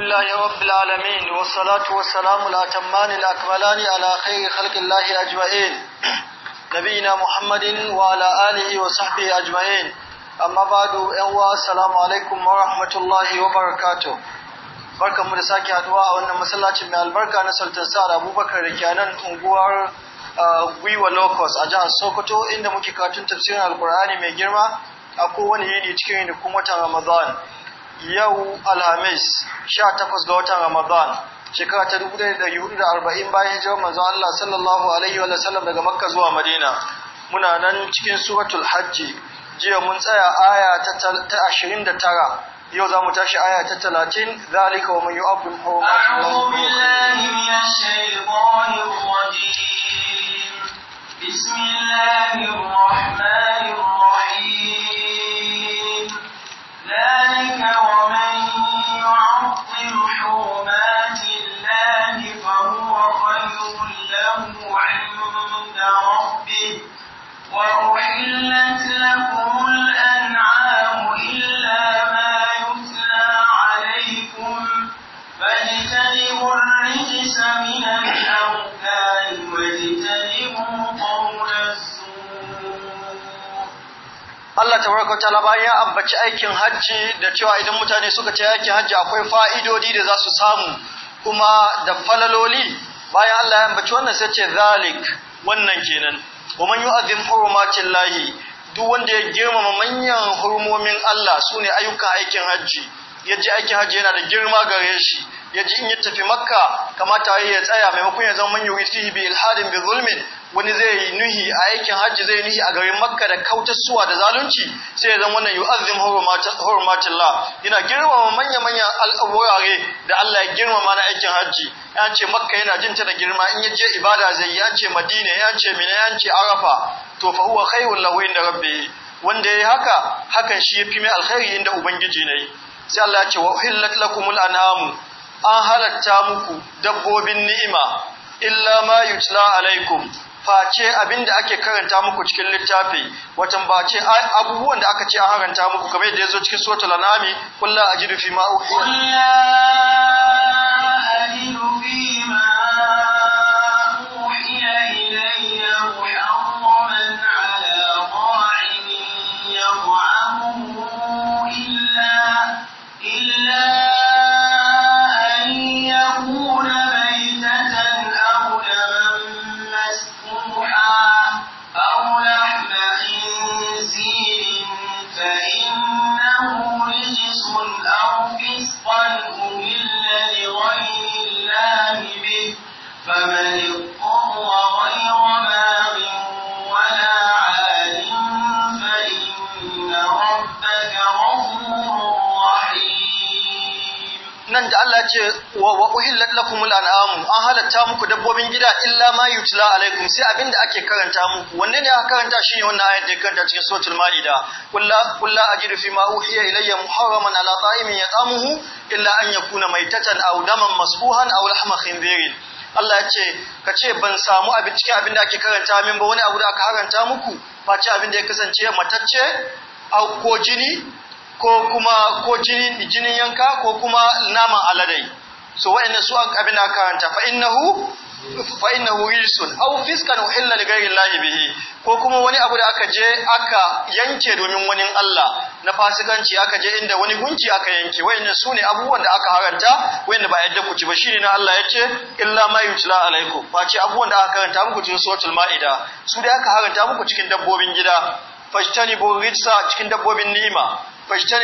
الله رب العالمين والصلاة والسلام الأتمان الأكملان على خير خلق الله أجمعين نبينا محمد وعلى آله وصحبه أجمعين أما بعد أهوى السلام عليكم ورحمة الله وبركاته barkan mu da sake haduwa a wannan masallacin mai albarka na Sultan Sa'ad Abubakar da ke nan unguwar uh, Gwiwa Locust a jihar Sokoto inda muke katun tafsirin Alkur'ani mai girma a kowane yini cikin yinikun watan Ramadan. yau alhamis 18 ga watan ramadan shekara ta 1440 bayan hijirar manzo Allah sallallahu alaihi wa sallam daga makka zuwa madina muna nan cikin suratul hajji jiya mun tsaya aya ta 29 yau zamu tashi aya ta 30 zalika wa man yu'abbim hurumat Allah billahi minash shaitanir rajim bismillahir rahmanir rahim Allah tabaraka ta'ala bayan ya ambaci aikin hajji da cewa idan mutane suka ce aikin hajji akwai fa'idodi da za su samu kuma da falaloli bayan Allah ya ambaci wannan sai ce zalik wannan kenan wa man yu'azzim hurumatil lahi duk wanda ya girmama manyan hurmomin Allah sune ayyukan aikin hajji yaji aikin hajji yana da girma gare shi ya yaji in ya tafi makka kamata ya tsaya maimakon ya zama man yurithi bi ilhadin bi zulmin wani zai yi nuhi a aikin hajji zai nuhi a garin makka da Suwa da zalunci sai ya zama wannan yu'azzim la yana girmama manya manya al'awurare da Allah ya girmama na aikin hajji ya ce makka yana jinta da girma in ya je ibada zai ya ce madina ya ce mina ya ce arafa to fa huwa khairul lahu da rabbi wanda yi haka hakan shi yafi mai alkhairi inda ubangiji ne sai Allah ya ce wa uhillat lakumul an'amu an halatta muku dabbobin ni'ima illa ma yutla alaikum face abinda ake karanta muku cikin littafi watan bace abubuwan da aka ce a haranta muku kamar yadda yazo cikin suratul anami kullu ajidu fi ajidu fi ce wa uhillat lakumul an'am an halatta muku dabbobin gida illa ma yutla alaikum sai abinda ake karanta muku wanne ne aka karanta shi shine wannan ayat da karanta cikin suratul maida kullu kullu ajidu fi ma uhiya ilayya muharraman ala ta'imin yat'amuhu illa an yakuna maitatan aw daman masbuhan aw lahma khinzirin Allah ya ce ka ce ban samu abin cikin abinda ake karanta min ba wani abu da aka haranta muku face abinda ya kasance matacce ko jini ko kuma ko jinin yanka ko kuma naman aladai so wa'annan su abin da karanta fa innahu fa innahu yusun aw fiskan uhilla li ghayri llahi bihi ko kuma wani abu da aka je aka yanke domin wani Allah na fasikanci aka je inda wani gunki aka yanke wayannan sune abubuwan da aka haranta wayanda ba yadda ku ci ba shine na Allah yace illa ma yutla alaikum ce abubuwan da aka karanta muku cikin suratul maida su da aka haranta muku cikin dabbobin gida fashtani bo rijsa cikin dabbobin ni'ima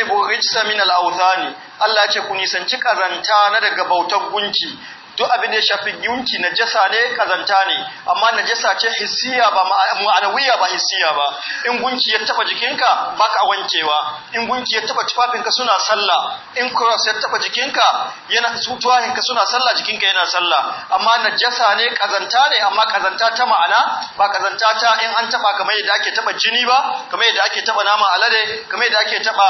bu rijsa min al-awthani Allah ya ce ku nisanci karanta na daga bautar gunki duk abin da ya shafi yunki jasa ne kazanta ne amma na jasa ce hissiya ba ma'anawiya ba hissiya ba in gunki ya taba jikinka baka wankewa in gunki ya taba tufafinka suna sallah in cross ya taba jikinka yana tufafinka suna sallah jikinka yana sallah amma na jasa ne kazanta ne amma kazanta ta ma'ana ba kazanta ta in an taba kamar yadda ake taba jini ba kamar yadda ake taba nama alade kamar yadda ake taba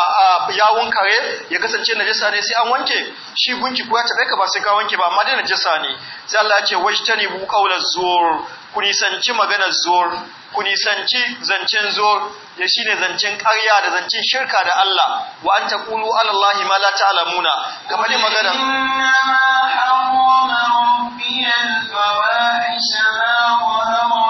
yawon kare ya kasance na jasa ne sai an wanke shi gunki ko ya tabe ka ba sai ka wanke ba amma dai jasa. najasa ne sai Allah ya ce bu qawlaz zur ku nisanci maganar zur ku nisanci zancen zur ya ne zancen ƙarya da zancen shirka da Allah wa an taqulu ala Allahi ma la ta'lamuna game da magana. inna ma harrama fawahisha ma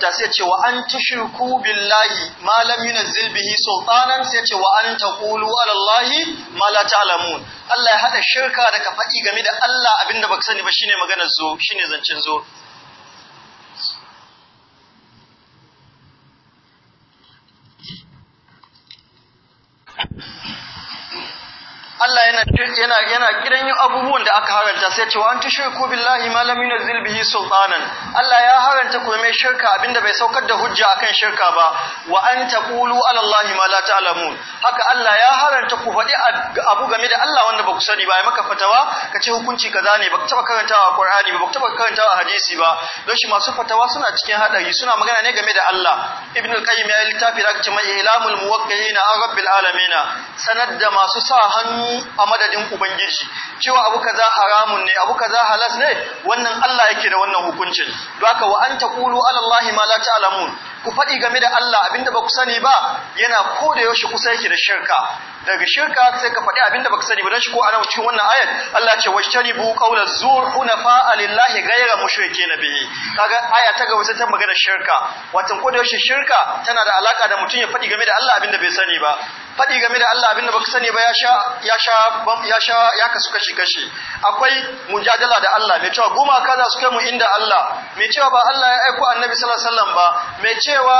karanta sai ce wa an tushriku billahi ma lam yunzil bihi sultanan sai ce wa an taqulu ala allahi ma la ta'lamun Allah ya hada shirka da ka game da Allah abinda baka sani ba shine maganar zo shine zancen zo Allah yana yana yana gidan yin abubuwan da aka haranta sai ce wa an tushriku billahi ma lam yunzil bihi sultanan Allah ya haranta ku mai shirka abinda bai saukar da hujja akan shirka ba wa an taqulu ala Allah ma la ta'lamun haka Allah ya haranta ku faɗi abu game da Allah wanda ba ku sani ba ai maka fatawa ka ce hukunci kaza ne ba ka taba karantawa a Qur'ani ba ka taba karantawa a hadisi ba don shi masu fatawa suna cikin hadari suna magana ne game da Allah Ibn al-Qayyim ya littafi da aka ce mai ilamul muwaqqi'ina an rabbil alamin sanar da masu sa hannu a madadin ubangiji cewa abu kaza haramun ne abu kaza halas ne wannan Allah yake da wannan hukuncin don haka wa an taqulu ala allahi ma la ta'lamun ku faɗi game da Allah abinda ba ku sani ba yana ko da yaushe kusa yake da shirka daga shirka sai ka faɗi abinda ba ku sani ba dan shi ko ana cikin wannan ayat Allah ce washtaribu qawla zur hunafa lillahi ghayra mushrikeena bihi kaga aya ta gaba sai ta magana shirka wato ko da yaushe shirka tana da alaka da mutum ya faɗi game da Allah abinda bai sani ba faɗi game da Allah abinda baka sani ba ya sha ya sha ya sha ya kasu kashi kashi akwai mujadala da Allah mai cewa goma kaza su kai mu inda Allah mai cewa ba Allah ya aiko annabi sallallahu alaihi wasallam ba mai cewa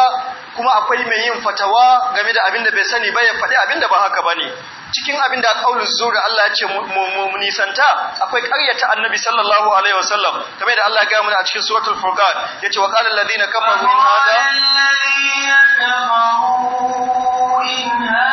kuma akwai mai yin fatawa game da abinda bai sani ba ya faɗi abinda ba haka bane cikin abin da kaulin zuwa Allah ya ce mu nisanta akwai ƙaryata annabi sallallahu alaihi wasallam kamar da Allah ya gaya mana a cikin suratul furqan yace wa qala alladhina kafaru in hada alladhina kafaru in hada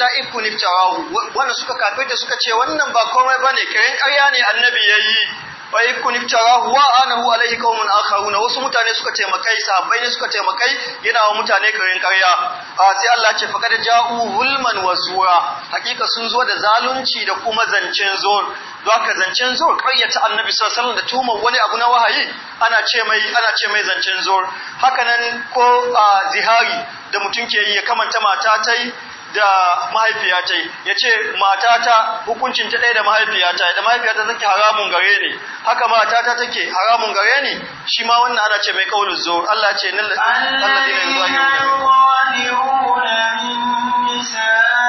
illa ifkun iftarahu wannan suka da suka ce wannan ba komai bane kiran ƙarya ne annabi yayi wa ifkun iftarahu wa anahu alayhi qaumun akharuna wasu mutane suka ce makai sahabbai ne suka ce makai yana wa mutane kiran ƙarya sai Allah ce faqad ja'u hulman wa zura hakika sun zo da zalunci da kuma zancen zor zaka zancen zor ƙaryata annabi sallallahu alaihi wasallam da tuma wani abu na wahayi ana ce mai ana ce mai zancen zor hakanan ko zihari da mutum ke yi ya kamanta mata ta yi da mahaifiya ta yi ya ce matata hukuncin ta ɗaya da mahaifiya ta da mahaifiya ta take haramun gare ne haka matata take haramun gare ne shi ma wannan ana ce mai kaulu zo Allah ce nan Allah ne zahiri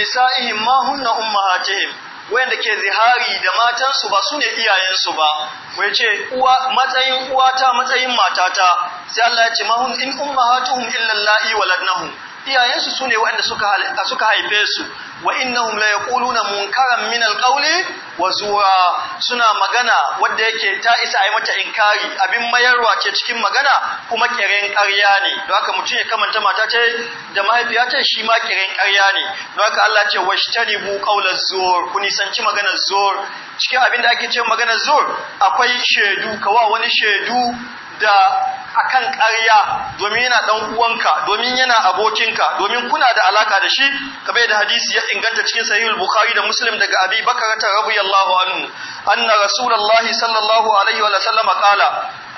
nisa'ihim ma hunna ummahatihim wanda ke zihari da matansu ba su ne iyayensu ba ko yace uwa matsayin uwata matsayin matata sai Allah ya ce ma hun in ummahatuhum illa allahi waladnahum iyayensu sune waɗanda suka suka haife su wa innahum la yaquluna munkaran min alqawli wa zura suna magana wanda yake ta isa ai mata inkari abin mayarwa ce cikin magana kuma kiren ƙarya ne don haka mutum ya kamanta mata ce da mahaifiya ce shi ma kiren ƙarya ne don haka Allah ce bu qawla zur ku nisanci maganar zur cikin abin da ake ce maganar zur akwai shaidu kawa wani shaidu da akan ƙarya domin yana dan uwanka domin yana abokinka domin kuna da alaka da shi bai da hadisi ya inganta cikin sahihul bukhari da muslim daga abi bakarata radiyallahu anhu anna rasulullahi sallallahu alaihi wa sallam qala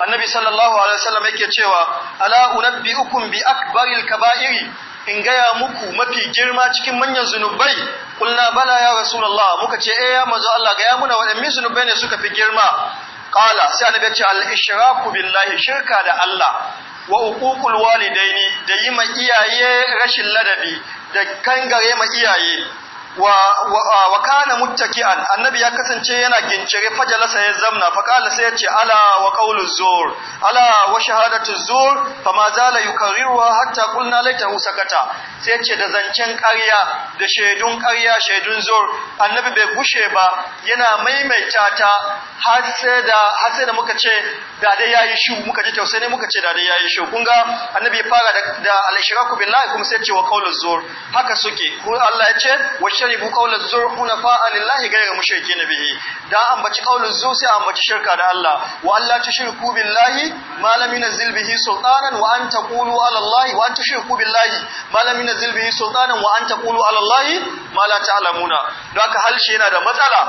annabi sallallahu alaihi wa sallam yake cewa ala unabbiukum bi akbaril kaba'iri in gaya muku mafi girma cikin manyan zunubai kulna bala ya rasulullah muka ce eh ya manzo Allah ga ya muna waɗanne zunubai ne suka fi girma Ƙala sai annabi ya ce al-ishraku billahi shirka da Allah wa uququl walidaini da yi ma iyaye rashin ladabi da kangare ma iyaye wa kana muttaki'an annabi ya kasance yana gincire fajalasa ya zamna fa kala sai ya ce ala wa qawlu zur ala wa shahadatu zur fa ma zala yukarriruha hatta qulna laitahu sakata sai ya ce da zancen ƙarya da shaidun ƙarya shaidun zur annabi bai gushe ba yana maimaita ta har sai da har sai da muka ce da dai yayi shu muka ji tausayi ne muka ce da dai yayi shu kun ga annabi ya fara da al-ishraku billahi kuma sai ce wa qauluz zur haka suke ko Allah ya ce wa sharibu qauluz zur hunafa lillahi ghayra mushrikin bihi da an ambaci qauluz zur sai an ambaci shirka da Allah wa Allah ta tushriku billahi ma lam yunzil bihi sultanan wa an taqulu ala Allah wa an tushriku billahi ma lam yunzil bihi sultanan wa an taqulu ala Allah ma la ta'lamuna don haka halshe yana da matsala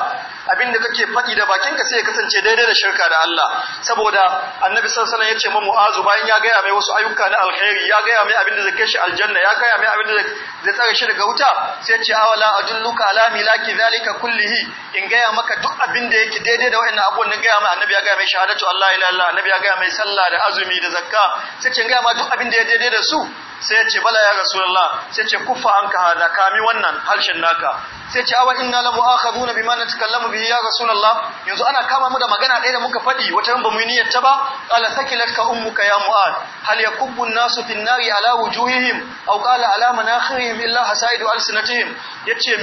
Abin da kake faɗi da bakinka sai ya kasance daidai da shirka da Allah saboda annabi sallallahu alaihi wasallam ya ce ma mu'azu bayan ya gaya mai wasu ayyuka na alkhairi ya gaya mai abin da zai kai shi aljanna ya gaya mai abin da zai tsare shi daga wuta sai ya ce awala ajulluka ala milaki zalika kullihi in gaya maka duk abin da yake daidai da wa'annan abubuwan da gaya mai annabi ya gaya mai shahadatu Allah ila Allah annabi ya gaya mai sallah da azumi da zakka sai ce gaya ma duk abin da ya daidai da su sai ya ce bala ya rasulullah sai ce kufa an ka hada kami wannan harshen naka sai ce awa inna la mu'akhaduna bima natakallamu bihi ya rasulullah yanzu ana kama mu da magana ɗaya da muka faɗi wata ran bamu yi niyyar ta ba qala sakilatka ummuka ya mu'ad hal yakubbu an-nasu fi an-nari ala wujuhihim aw qala ala manakhirihim illa hasaidu alsinatihim yace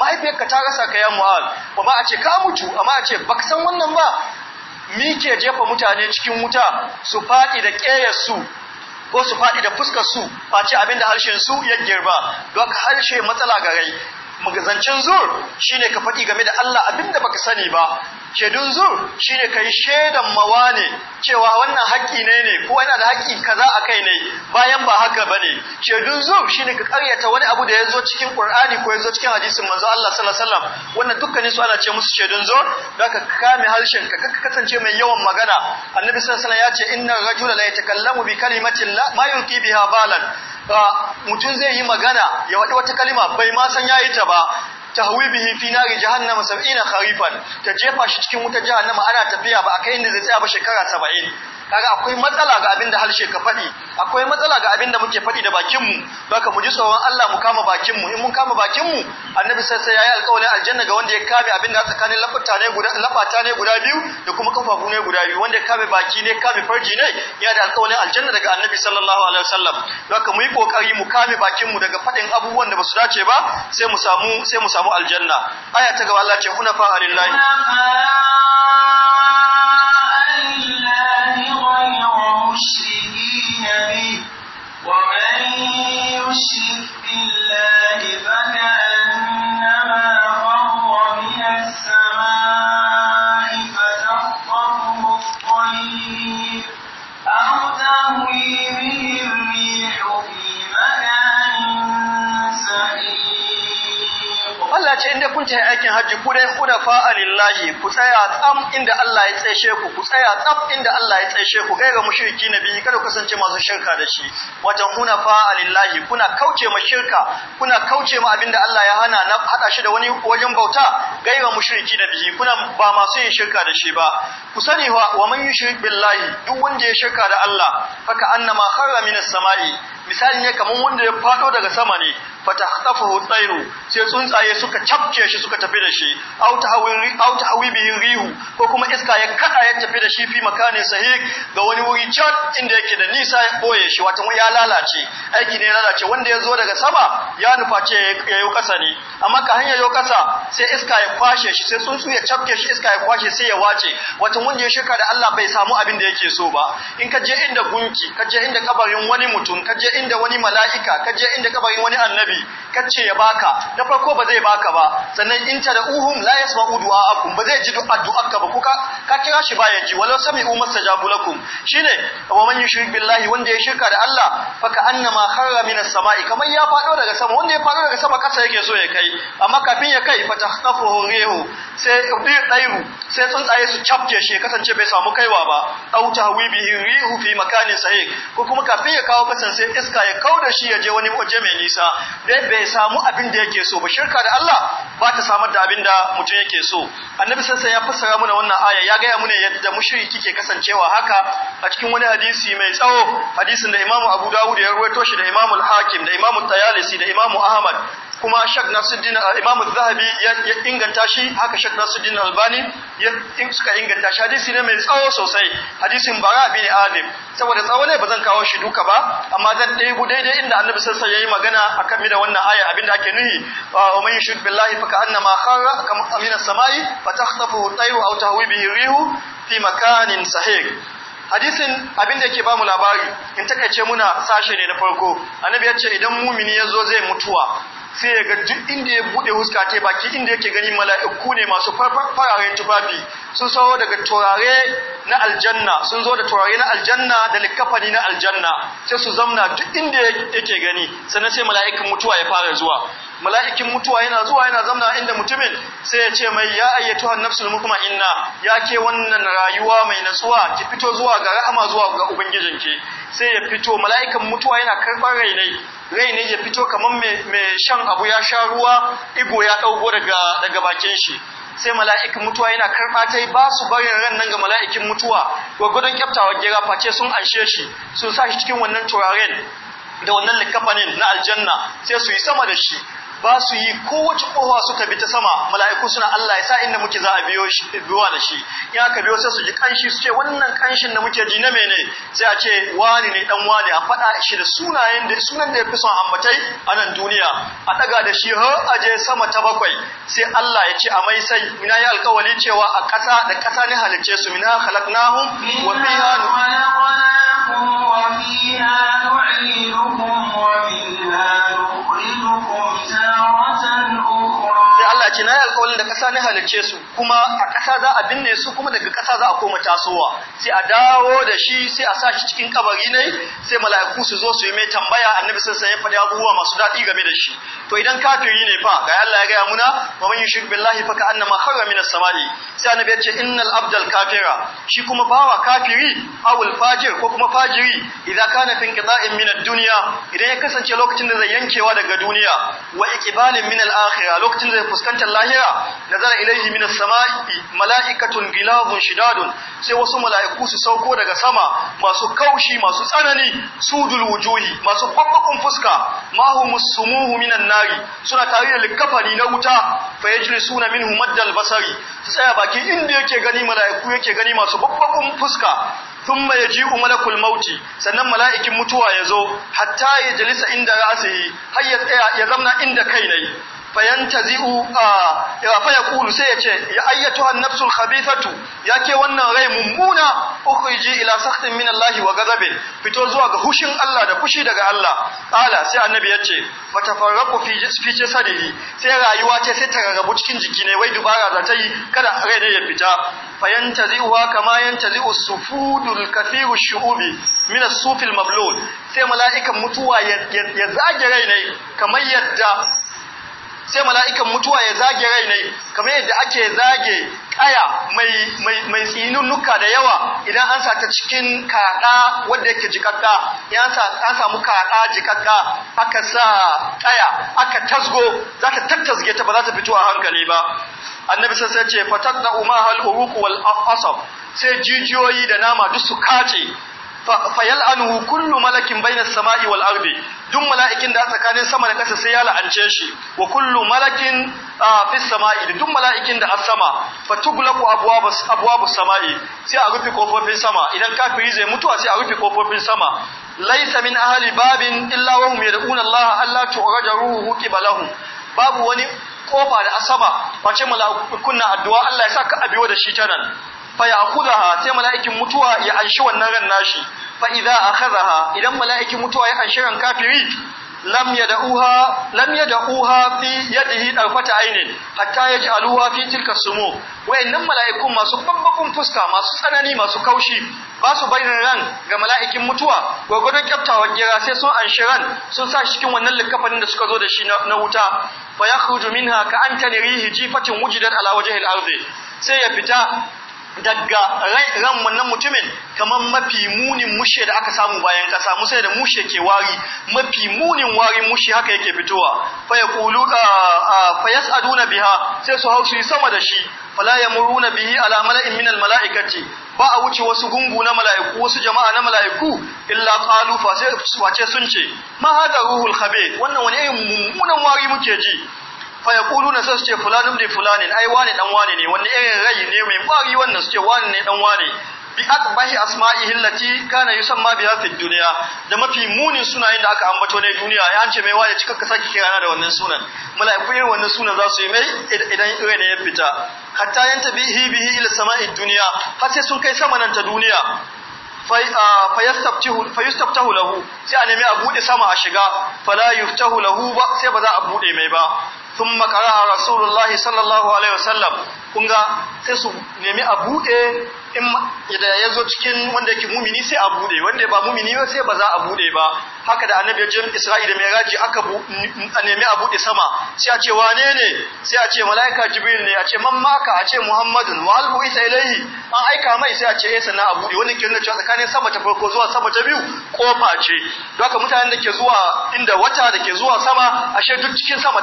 mahaifiyarka ta rasa ka ya mu'ad kuma a ce ka mutu amma a ce baka san wannan ba mike jefa mutane cikin wuta su faɗi da ƙeyarsu ko su faɗi da fuskar su face abin da harshen su ya girba don harshe matsala ga rai magazancin zur shine ka faɗi game da Allah abinda baka sani ba shaidun zur shine kai shaidan mawane cewa wannan haƙƙi ne ne ko yana da haƙƙi kaza a kai ne bayan ba haka bane shaidun zur shine ka karyata wani abu da ya zo cikin Qur'ani ko yazo cikin hadisin manzo Allah sallallahu alaihi wasallam wannan dukkanin su ana ce musu shaidun zur da ka kame harshen ka kasance mai yawan magana annabi sallallahu alaihi wasallam ya ce inna rajula la yatakallamu bi kalimatin la ma yulqi biha balan mutum zai yi magana ya wadi wata kalima bai ma san yayi ta ba tahwi bihi fi nari jahannama 70 kharifan ta jefa shi cikin wutar jahannama ana tafiya ba akai inda zai tsaya ba shekara 70 kaga akwai matsala ga abin da harshe ka faɗi akwai matsala ga abin da muke faɗi da bakinmu baka mu ji tsoron Allah mu kama bakinmu in mun kama bakinmu annabi sai ya yi alƙawarin aljanna ga wanda ya kame abin da tsakanin lafata ne guda lafata ne guda biyu da kuma kafafu ne guda biyu wanda ya kame baki ne kame farji ne ya da alƙawarin aljanna daga annabi sallallahu alaihi wasallam baka mu yi kokari mu kame bakinmu daga faɗin abubuwan da basu dace ba sai mu samu sai mu samu aljanna aya ta gaba Allah ce hunafa alillahi المشركين به ومن يشرك بالله فقد kun aikin hajji ku dai da fa'a lillahi ku tsaya tsam inda Allah ya tsaye ku ku tsaya tsam inda Allah ya tsaye ku gaira mushriki biyu kada ku kasance masu shirka da shi wajen kuna fa'a lillahi kuna kauce ma shirka kuna kauce ma abinda Allah ya hana na haɗa shi da wani wajen bauta gaira mushriki biyu kuna ba masu yin shirka da shi ba ku sani wa wa man yushrik billahi duk wanda ya shirka da Allah haka annama kharra minas sama'i misali ne kamar wanda ya fado daga sama ne fatahtafahu tsairu sai tsuntsaye suka cafke shi suka tafi da shi auta hawi auta hawi rihu ko kuma iska ya kaɗa ya tafi da shi fi makanin sahih ga wani wuri can inda yake da nisa ya boye shi wato ya lalace aiki ne lalace wanda ya zo daga sama ya nufa ce ya yi kasa ne amma ka hanya yau kasa sai iska ya kwashe shi sai tsuntsu ya cafke shi iska ya kwashe sai ya wace wato wanda ya shirka da Allah bai samu abin da yake so ba in ka je inda gunki ka je inda kabarin wani mutum ka je inda wani mala'ika ka je inda kabarin wani annabi annabi kace ya baka na farko ba zai baka ba sannan in ta da uhum la yasma'u du'a'akum ba zai ji du'a'aka ba kuka ka kira shi ba ya ji walau sami'u mustajabu lakum shine wa man yushrik billahi wanda ya shirka da Allah fa ka annama kharra minas sama'i kamar ya fado daga sama wanda ya fado daga sama kasa yake so ya kai amma kafin ya kai fa tahtafu rihu sai dairu sai tsuntsaye su chapje shi kasance bai samu kaiwa ba au tahwi bihi rihu fi makanin sahih ko kuma kafin ya kawo kasan sai iska ya kauda shi ya je wani waje mai nisa bai samu abin da yake so ba shirka da Allah ba ta samar da abin da mutum yake so annabi Sassan ya fassara mana wannan aya ya gaya mana yadda mushriki ke kasancewa haka a cikin wani hadisi mai tsawo hadisin da imamu abu dawud ya ruwaito shi da imamu al-hakim da imamu tayalisi da imamu ahmad kuma shak nasuddin uh, imamu zahabi ya inganta shi haka shak nasuddin albani ya suka inganta shi hadisi ne mai tsawo sosai hadisin bara bin adib saboda tsawo ne bazan kawo shi duka ba amma zan ɗebo daidai inda annabi sai ya yi magana akan da wannan aya abinda ake nuhi wa man billahi fa ka'annama kharra min as-sama'i fa takhtafu tayru aw tahwi bihi rihu fi makanin sahih hadisin abinda yake bamu labari in takaice muna sashe ne na farko annabi ya ce idan mumini ya zo zai mutuwa sai ya ga duk inda ya bude huska ta baki inda yake gani mala'iku ne masu farare tufafi sun sauro daga turare na aljanna sun zo da turare na aljanna da likafani na aljanna sai su zamna duk inda yake gani sannan sai mala'ikin mutuwa ya fara zuwa mala'ikin mutuwa yana zuwa yana zamna inda mutumin sai ya ce mai ya ayyatu nafsul mukma ina ya ke wannan rayuwa mai natsuwa ki fito zuwa ga rahama zuwa ga ubangijinki sai ya fito mala'ikan mutuwa yana karɓar rainai rai ne ya fito kamar mai shan abu ya sha ruwa igo ya ɗauko daga bakin shi sai mala'ikin mutuwa yana karɓa ta yi ba su barin ran nan ga mala'ikin mutuwa gwagwadon kyaftawa gera face sun anshe shi sun sa shi cikin wannan turaren da wannan likafanin na aljanna sai su yi sama da shi ba su yi kowace kowa suka bi ta sama mala'iku suna Allah ya sa inda muke za a biyo biwa da shi in aka biyo sai su ji kanshi su ce wannan kanshin da muke ji na mene sai a ce wani ne dan wani a faɗa shi da sunayen da sunan da ya fi son ambatai a nan duniya a ɗaga da shi har a je sama ta bakwai sai Allah ya ce a mai sai ina yi alkawari cewa a ƙasa da ƙasa ne halicce su mina halaknahum wa fiha خلقناكم وفيها نعيدكم ومنها نخرجكم تارة أخرى sai Allah ce na yi alƙawarin da ƙasa na halicce su kuma a ƙasa za a binne su kuma daga ƙasa za a koma tasowa sai a dawo da shi sai a sa shi cikin kabari ne sai mala'iku su zo su yi mai tambaya annabi sun sanya faɗi abubuwa masu daɗi game da shi to idan kafiri ne fa ga Allah ya gaya muna wa man yushrik billahi fa ka'annama kharra minas sama'i sai annabi ya ce innal abdal kafira shi kuma bawa kafiri awul fajir ko kuma fajiri idan kana fin qita'in min dunya idan ya kasance lokacin da zai yankewa daga duniya wa iqbalin min al-akhirah lokacin zai fuskantar lahira nazara ilaihi min as-sama'i mala'ikatun gilazun shidadun sai wasu mala'iku su sauko daga sama masu kaushi masu tsanani sudul wujuhi masu babbakun fuska mahu musumuhu minan nari suna tare da likafani na wuta fa yajlisuna minhu maddal basari su tsaya baki inda yake gani mala'iku yake gani masu babbakun fuska thumma yaji'u malakul mauti sannan mala'ikin mutuwa yazo hatta ya jalisa inda ra'sihi har ya tsaya ya zamna inda kai nayi fayantazi'u ya fa yaqulu sai yace ya ayyatu an-nafsul khabithatu yake wannan rai mummuna ukhriji ila sakhtin min Allah wa ghadabi fito zuwa ga hushin Allah da fushi daga Allah qala sai annabi yace fatafarraqu fi fi sadidi sai rayuwa ce sai ta rarrabu cikin jiki ne wai dubara za ta yi kada rai ne ya fita fayantazi'u kama yantazi'u sufudul kathiru shu'ubi min as-sufil mablul sai mala'ikan mutuwa ya zage rai ne kamar yadda sai mala'ikan mutuwa ya zage rai ne kamar yadda ake zage kaya mai tsinunuka da yawa idan an sa ta cikin kaɗa wanda yake jikakka ya an samu kaɗa jikakka aka sa kaya aka tasgo za ta tattasge ta ba za ta fito a hankali ba annabi sai sai ce fatadda umahal uruq wal asaf sai jijiyoyi da nama duk su kace Fayal anu kullum malakin bayan sama'i wal duk mala'ikin da tsakanin sama da ƙasa sai ya la'ance shi wa kullu malakin fis sama'i da duk mala'ikin da a sama fa tughlaqu sama'i sai a rufe kofofin sama idan kafiri zai mutuwa sai a rufe kofofin sama laysa min ahali babin illa wa hum yad'una Allah alla tu'raja ruhu balahu babu wani kofa da asaba face mala'ikun na addu'a Allah ya saka abiyo da shi nan. fa kudaha sai mala'ikin mutuwa ya anshi wannan ran nashi Fa'iza a kazaha idan mala'ikin mutuwa ya anshi ran kafiri lam yad'uha lam yad'uha fi yadihi dalfata ainin hatta yaj'aluha fi tilka sumo. wayannan mala'ikun masu babbakun fuska masu tsanani masu kaushi ba su bayyana ran ga mala'ikin mutuwa gwagwadon kyaftawan gira sai sun anshi ran sun sa shi cikin wannan likafanin da suka zo da shi na wuta fa yakhruju minha ka antani rihi jifatin wujidat ala wajen ardi sai ya fita daga ran wannan mutumin kamar mafi munin mushe da aka samu bayan kasa musa da mushe ke wari mafi munin wari mushe haka yake fitowa fa Aduna fa biha sai su hau yi sama da shi fala yamuruna bihi biyi alamala min mala'ikati ba a wuce wasu gungu na mala'iku wasu jama'a na mala'iku illa qalu fa sai sun ce ma hada ruhul khabe wannan wani irin mummunan wari muke ji fa yaquluna sai su ce fulanun li fulanin ai wani dan wani ne wanda irin rai ne mai kwari wannan su ce wani ne dan wani.' bi akbahi asma'ihi allati kana yusamma biha fi dunya da mafi munin sunayen da aka ambato ne duniya ya ce mai waje cikakka saki kirana da wannan sunan mala'iku irin wannan sunan za su yi mai idan irin ne ya fita hatta yanta bihi bihi ila sama'i dunya har sai sun kai sama nan ta duniya fayastaftahu lahu sai a nemi a bude sama a shiga fala yuftahu lahu ba sai ba za a bude mai ba thumma a rasulullahi sallallahu alaihi wasallam kun ga sai su nemi a bude in da ya zo cikin wanda yake mumini sai a bude wanda ba mumini ba sai ba za a bude ba haka da annabi jin isra'ila mai raji aka a nemi a bude sama sai a ce wane ne sai a ce malaika jibril ne a ce man maka a ce muhammadun wa albu isa ilayhi an aika mai sai a ce eh sana a bude wani ke da cewa tsakanin sama ta farko zuwa sama ta biyu kofa ce don haka mutanen da ke zuwa inda wata da ke zuwa sama ashe duk cikin sama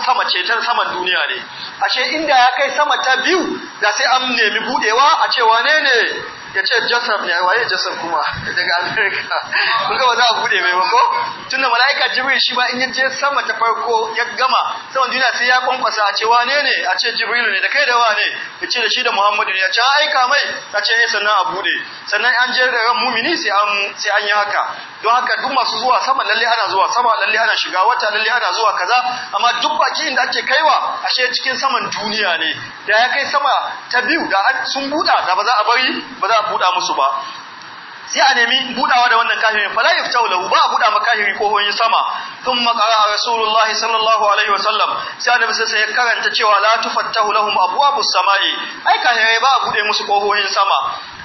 sama ce ta saman duniya ne ashe inda ya kai sama ta biyu da sai an nemi budewa a ce wane m i n ya ce joseph ne waye joseph kuma daga america kun ba za a bude mai mako tun da mala'ika jibril shi ba in ya je sama ta farko ya gama saman duniya sai ya kwankwasa a ce wane ne a ce jibril ne da kai da wane ya ce da shi da muhammadu ne ya ce aika mai a ce hey eh, sannan a bude sannan an je da ran mumini sai an sai yi haka don haka duk masu zuwa sama lalle ana zuwa sama lalle ana shiga wata lalle ana zuwa kaza amma duk baki inda ake kaiwa ashe cikin saman duniya ne da ya kai sama ta biyu da sun buɗa da ba za a bari ba za a buɗa musu ba sai a nemi buɗawa da wannan kafirin fala yaftahu lahu ba a buda ma kafiri kohoyin sama thumma qara'a rasulullahi sallallahu alaihi wa sallam sai annabi sai ya karanta cewa la tufattahu lahum abwabus samai ai kafirai ba a buɗe musu kohoyin sama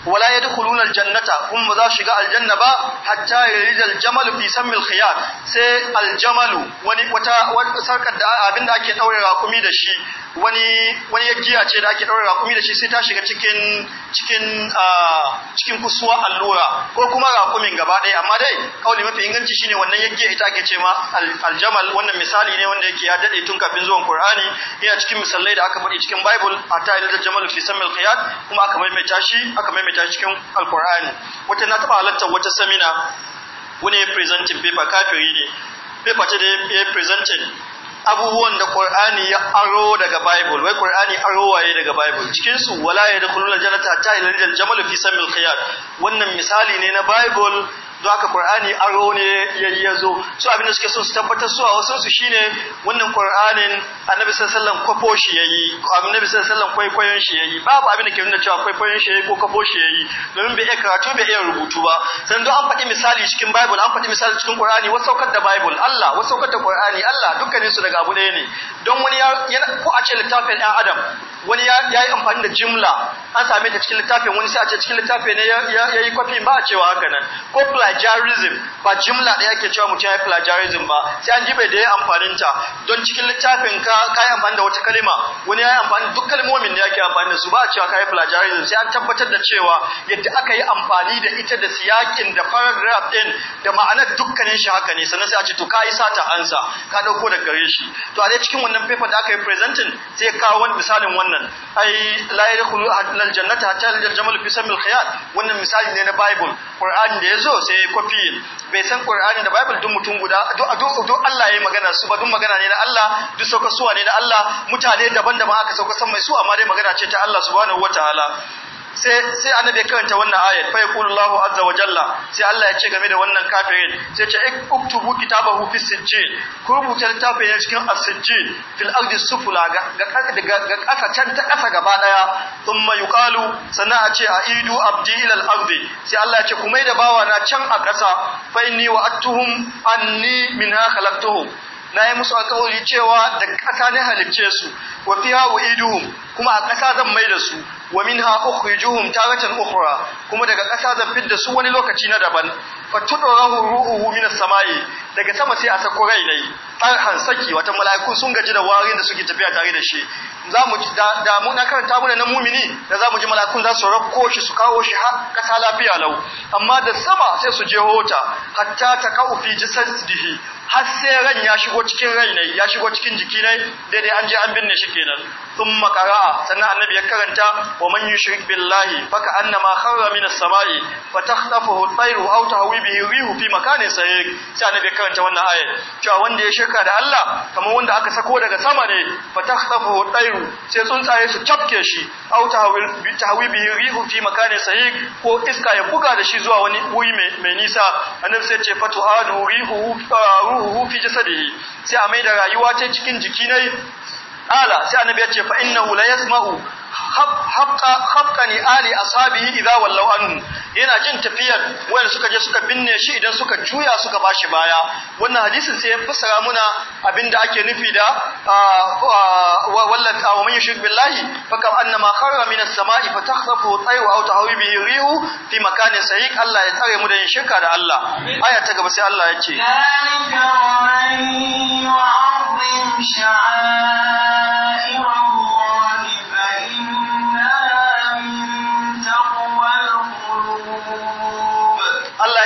wala yadkhuluna aljannata hum za shiga aljanna ba hatta yarida aljamal fi sammi alkhiyat sai aljamalu wani wata sarkar da abinda ake ɗaure rakumi da shi wani wani giya ce da ake daura rakumi da shi sai ta shiga cikin cikin cikin kusuwa allura ko kuma rakumin gaba ɗaya amma dai kauli mafi inganci shine wannan giya ita ake ce ma aljamal wannan misali ne wanda yake ya dade tun kafin zuwan Qur'ani yana cikin misalai da aka faɗi cikin Bible a ta ilal jamal fi samil qiyad kuma aka maimaita shi aka maimaita shi cikin al wata na taba halarta wata samina wani presenting paper kafiri ne paper ce da ya presenting abubuwan da Qur'ani ya aro daga Bible wai Qur'ani aro waye daga Bible cikin su wala da jannata ta yalja jamal fi samil khiyar wannan misali ne na Bible don haka Qur'ani aro ne yayyazo su abin da suke so su tabbatar su a wasu su shine wannan Qur'anin Annabi sallallahu alaihi wasallam kwafo shi yayi Annabi kwaikwayon shi yayi babu abin da ke nuna cewa kwaikwayon shi yayi ko kwafo shi yayi domin bai karatu bai iya rubutu ba sannan don an faɗi misali cikin Bible an faɗi misali cikin Qur'ani wasu saukar da Bible Allah wasu saukar da Qur'ani Allah dukkanin su daga abu ɗaya ne don wani ya ko a ce littafin ɗan Adam wani ya yi amfani da jimla an same ta cikin littafin wani sai a ce cikin littafin ne ya yi kwafi ba a cewa haka nan ko plagiarism ba jimla ɗaya ke cewa mutum ya yi plagiarism ba sai an jibe da ya amfanin ta don cikin littafin ka ka yi amfani da wata kalima wani ya yi amfani duk kalmomin da yake amfani da su ba a cewa ka yi plagiarism sai an tabbatar da cewa yadda aka yi amfani da ita da siyakin da paragraph ɗin da ma'anar dukkanin shi haka ne sannan sai a ce to ka yi sata ansa ka ɗauko da gare shi to a dai cikin wannan paper da aka yi presenting sai ya kawo wani misalin wannan ai la yadkhulu ahlal jannata hatta jamal fi samil khiyat wannan misali ne na bible qur'ani da yazo sai ya yi bai san ƙur'ani da bible duk mutum guda duk Allah ya yi magana su ba duk magana ne na Allah duk sauka suwa ne na Allah mutane daban-daban aka sauka san mai su amma dai magana ce ta Allah subhanahu wataala sai sai annabi karanta wannan ayat fa yaqulu Allahu azza wa jalla sai Allah ya ce game da wannan kafirin sai ce iktubu kitabahu fi sijjin ku rubuta littafin ya cikin as-sijjin fil ardi sufula ga ga kasa can ta kasa gaba daya thumma yuqalu sana a ce aidu abdi ila al-ardi sai Allah ya ce ku mai da bawa na can a kasa fa inni wa atuhum anni minha khalaqtuhum na yi musu alkawari cewa da ƙasa ne halicce su wa fiha wa iduhum kuma a ƙasa zan mai da su wa minha ukhrijuhum taratan ukhra kuma daga ƙasa zan fidda su wani lokaci na daban fatudorahu ru'uhu min as-sama'i daga sama sai a sako rai nai tarhan saki wata mala'iku sun gaji da warin da suke tafiya tare da shi zamu da mu na karanta mu na mumini da zamu ji malakun za su rakko shi su kawo shi har ƙasa lafiya lau amma da sama sai su je hota hatta taqau fi jisadihi har sai ran ya shigo cikin rai ne ya shigo cikin jiki ne daidai an je an binne shi kenan thumma qara'a sannan annabi ya karanta wa man yushrik billahi faka annama kharra min as-sama'i fatakhtafuhu at-tayru aw tahwi bihi rihu fi makanin sai sai annabi ya karanta wannan ayat cewa wanda ya shirka da Allah kamar wanda aka sako daga sama ne fatakhtafuhu at-tayru sai tsuntsaye su cafke shi aw tahwi bihi rihu fi makanin sai ko iska ya buga da shi zuwa wani wuri mai nisa annabi sai ce fatu adu rihu ah, ruhu fi jasadihi sai a mai da rayuwa ta cikin jiki nai ala sai annabi ya ce fa innahu la yasma'u hafkani ali ashabihi idan wallau anhu yana jin tafiyar wanda suka je suka binne shi idan suka juya suka bashi baya wannan hadisin sai ya fassara muna abinda ake nufi da wallan wa man yushrik billahi anna annama kharra min as-sama'i fatakhsafu tayu aw tahawi bihi rihu fi makanin sahiq Allah ya tare mu da yin shirka da Allah aya ta gaba sai Allah ya ce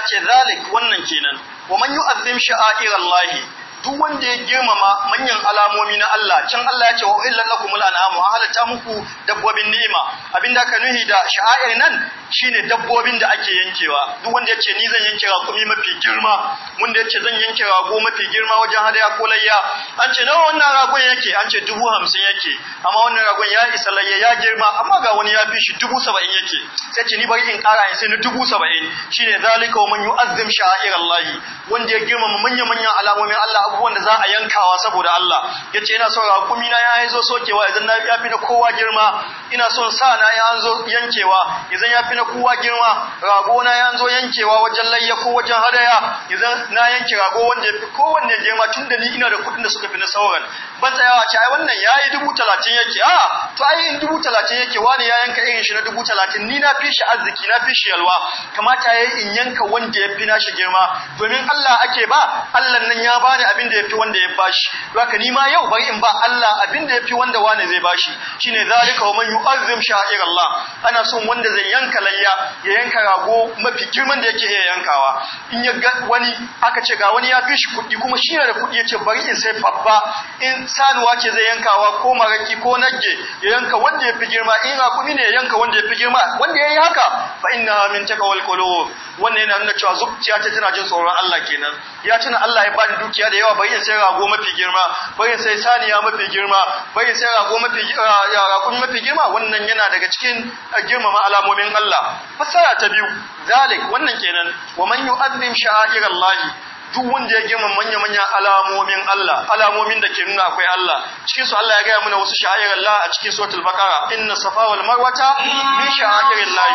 ce zalik wannan kenan wa man yu'azzim sha'airallahi duk wanda ya girmama manyan alamomi na Allah can Allah ya ce wa illal lakumul an'amu halatta muku dabbobin ni'ima abinda ka nuhi da sha'air nan shine dabbobin da ake yankewa duk wanda ya ce ni zan yanke rakumi mafi girma mun da ya ce zan yanke rago mafi girma wajen hadaya ko layya an ce nawa wannan ragon yake an ce dubu hamsin yake amma wannan ragon ya isa layya ya girma amma ga wani ya fi shi dubu saba'in yake sai ce ni bari in kara in sai na dubu saba'in shine zalika wa man yu'azzim sha'air Allah wanda ya girmama manya-manyan alamomin Allah abubuwan da za a yankawa saboda Allah yace ina so kumi na ya zo sokewa idan na ya fi na kowa girma ina son sa na ya zo yankewa idan ya fi na kowa girma rago na ya zo yankewa wajen layya ko wajen hadaya idan na yanke rago wanda yafi kowanne girma tun da ni ina da kuɗin da suka fi na sauran ban tsayawa ce ai wannan yayi dubu talatin yake a to ai in dubu talatin yake wani ya yanka irin shi na dubu talatin ni na fi shi arziki na fi shi yalwa kamata yayi in yanka wanda ya fi na shi girma domin Allah ake ba Allah nan ya bani abin abin da yafi wanda ya bashi haka nima yau bari in ba Allah abin da yafi wanda wani zai bashi shine zalika wa man yu'azzim sha'ir Allah ana son wanda zai yanka layya ya yanka rago mafi girman da yake iya yankawa in ya ga wani aka ce ga wani ya fi shi kuɗi kuma shi da kuɗi yace bari in sai babba in sanuwa ce zai yankawa ko maraki ko nagge ya yanka wanda yafi girma in rakumi ne ya yanka wanda yafi girma wanda yayi haka fa inna min taqwal qulub wannan yana nuna cewa zuciya ta tana jin tsoron Allah kenan ya tana Allah ya bani dukiya da yawa bai sai rago mafi girma bai sai saniya mafi girma bai sai rago mafi ah, rago mafi girma wannan yana daga cikin ah, girmama alamomin Allah fasara ta biyu zalik wannan kenan wa man yu'azzim sha'airallahi duk wanda ya girma manya-manya alamomin Allah alamomin da ke nuna akwai Allah cikin su Allah ya gaya mana wasu sha'irar Allah a cikin suratul baqara inna safa wal marwata min sha'irillah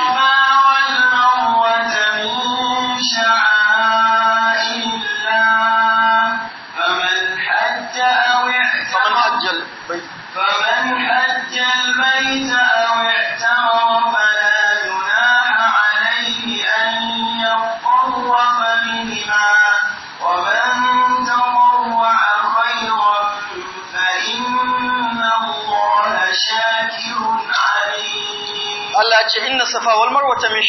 safa wal marwata min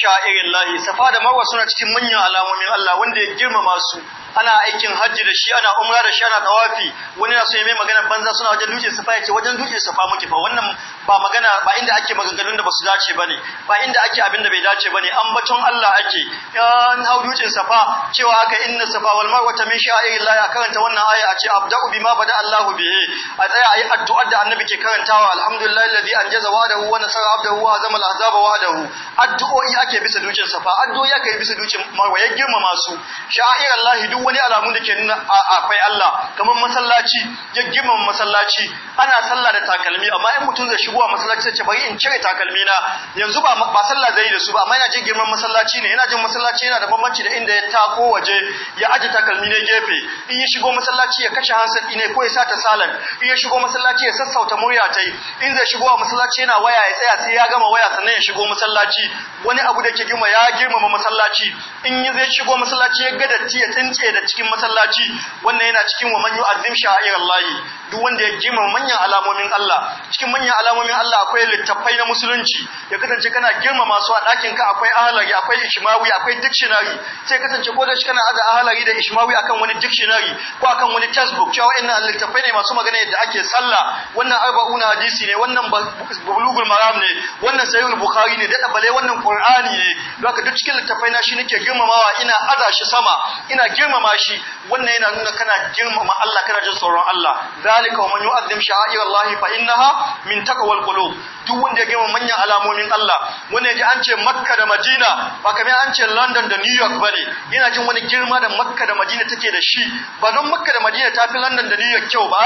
lahi, safa da marwa suna cikin manyan alamomin Allah wanda ya girmama su ana aikin hajji da shi ana umra da shi ana tawafi wani na so ya mai magana banza suna wajen dutse safa ce wajen dutse safa muke fa wannan ba magana ba inda ake maganganun da basu dace bane ba inda ake abin da bai dace bane an baton Allah ake an hau dutsen safa cewa aka inna safa wal marwa min Allah ya karanta wannan aya a ce abda'u bima bada Allah bihi a tsaya ayi addu'ar da annabi ke karantawa alhamdulillah alladhi anjaza wa'dahu wa nasara abdahu wa azama al'azaba wa'dahu addu'o'i ake bisa dutsen safa addu'o'i ake bisa dutsen marwa ya girmama su Allah duk wani alamu da ke nuna akwai Allah kamar masallaci ya girmama masallaci ana sallah da takalmi amma in mutum zai shigowa masallaci ce bari in cire takalmi na yanzu ba ba sallah zai da su ba amma yana jin girman masallaci ne yana jin masallaci yana da bambanci da inda ya tako waje ya aje takalmi gefe in ya shigo masallaci ya kashe hansar ne ko ya sa ta salan in ya shigo masallaci ya sassauta murya ta yi in zai shigo masallaci yana waya ya tsaya sai ya gama waya sannan ya shigo masallaci wani abu da ke girma ya girmama masallaci in zai shigo masallaci ya ga datti ya tsince da cikin masallaci wannan yana cikin wa man yu'azzim sha'ir Allah duk wanda ya girmama manyan alamomin Allah cikin manyan alamomin kalmomin Allah akwai littattafai na musulunci ya kasance kana girmama su a ɗakin ka akwai ahalari akwai ishmawi akwai dictionary sai kasance ko da shi kana aza ahalari da ishmawi akan wani dictionary ko akan wani textbook cewa wa'annan littattafai ne masu magana yadda ake sallah wannan arba'una hadisi ne wannan bulugul maram ne wannan sahihul bukhari ne da bale wannan qur'ani ne zaka duk cikin littattafai na shi nake girmamawa ina aza shi sama ina girmama shi wannan yana nuna kana girmama Allah kana jin tsoron Allah zalika wa man yu'azzim sha'air Allah fa innaha min taqwa wal qulub duk wanda ya gama manyan alamomin Allah wanda ya ji an ce Makka da Madina ba kamar an ce London da New York bane yana jin wani girma da Makka da Madina take da shi ba don Makka da Madina ta fi London da New York kyau ba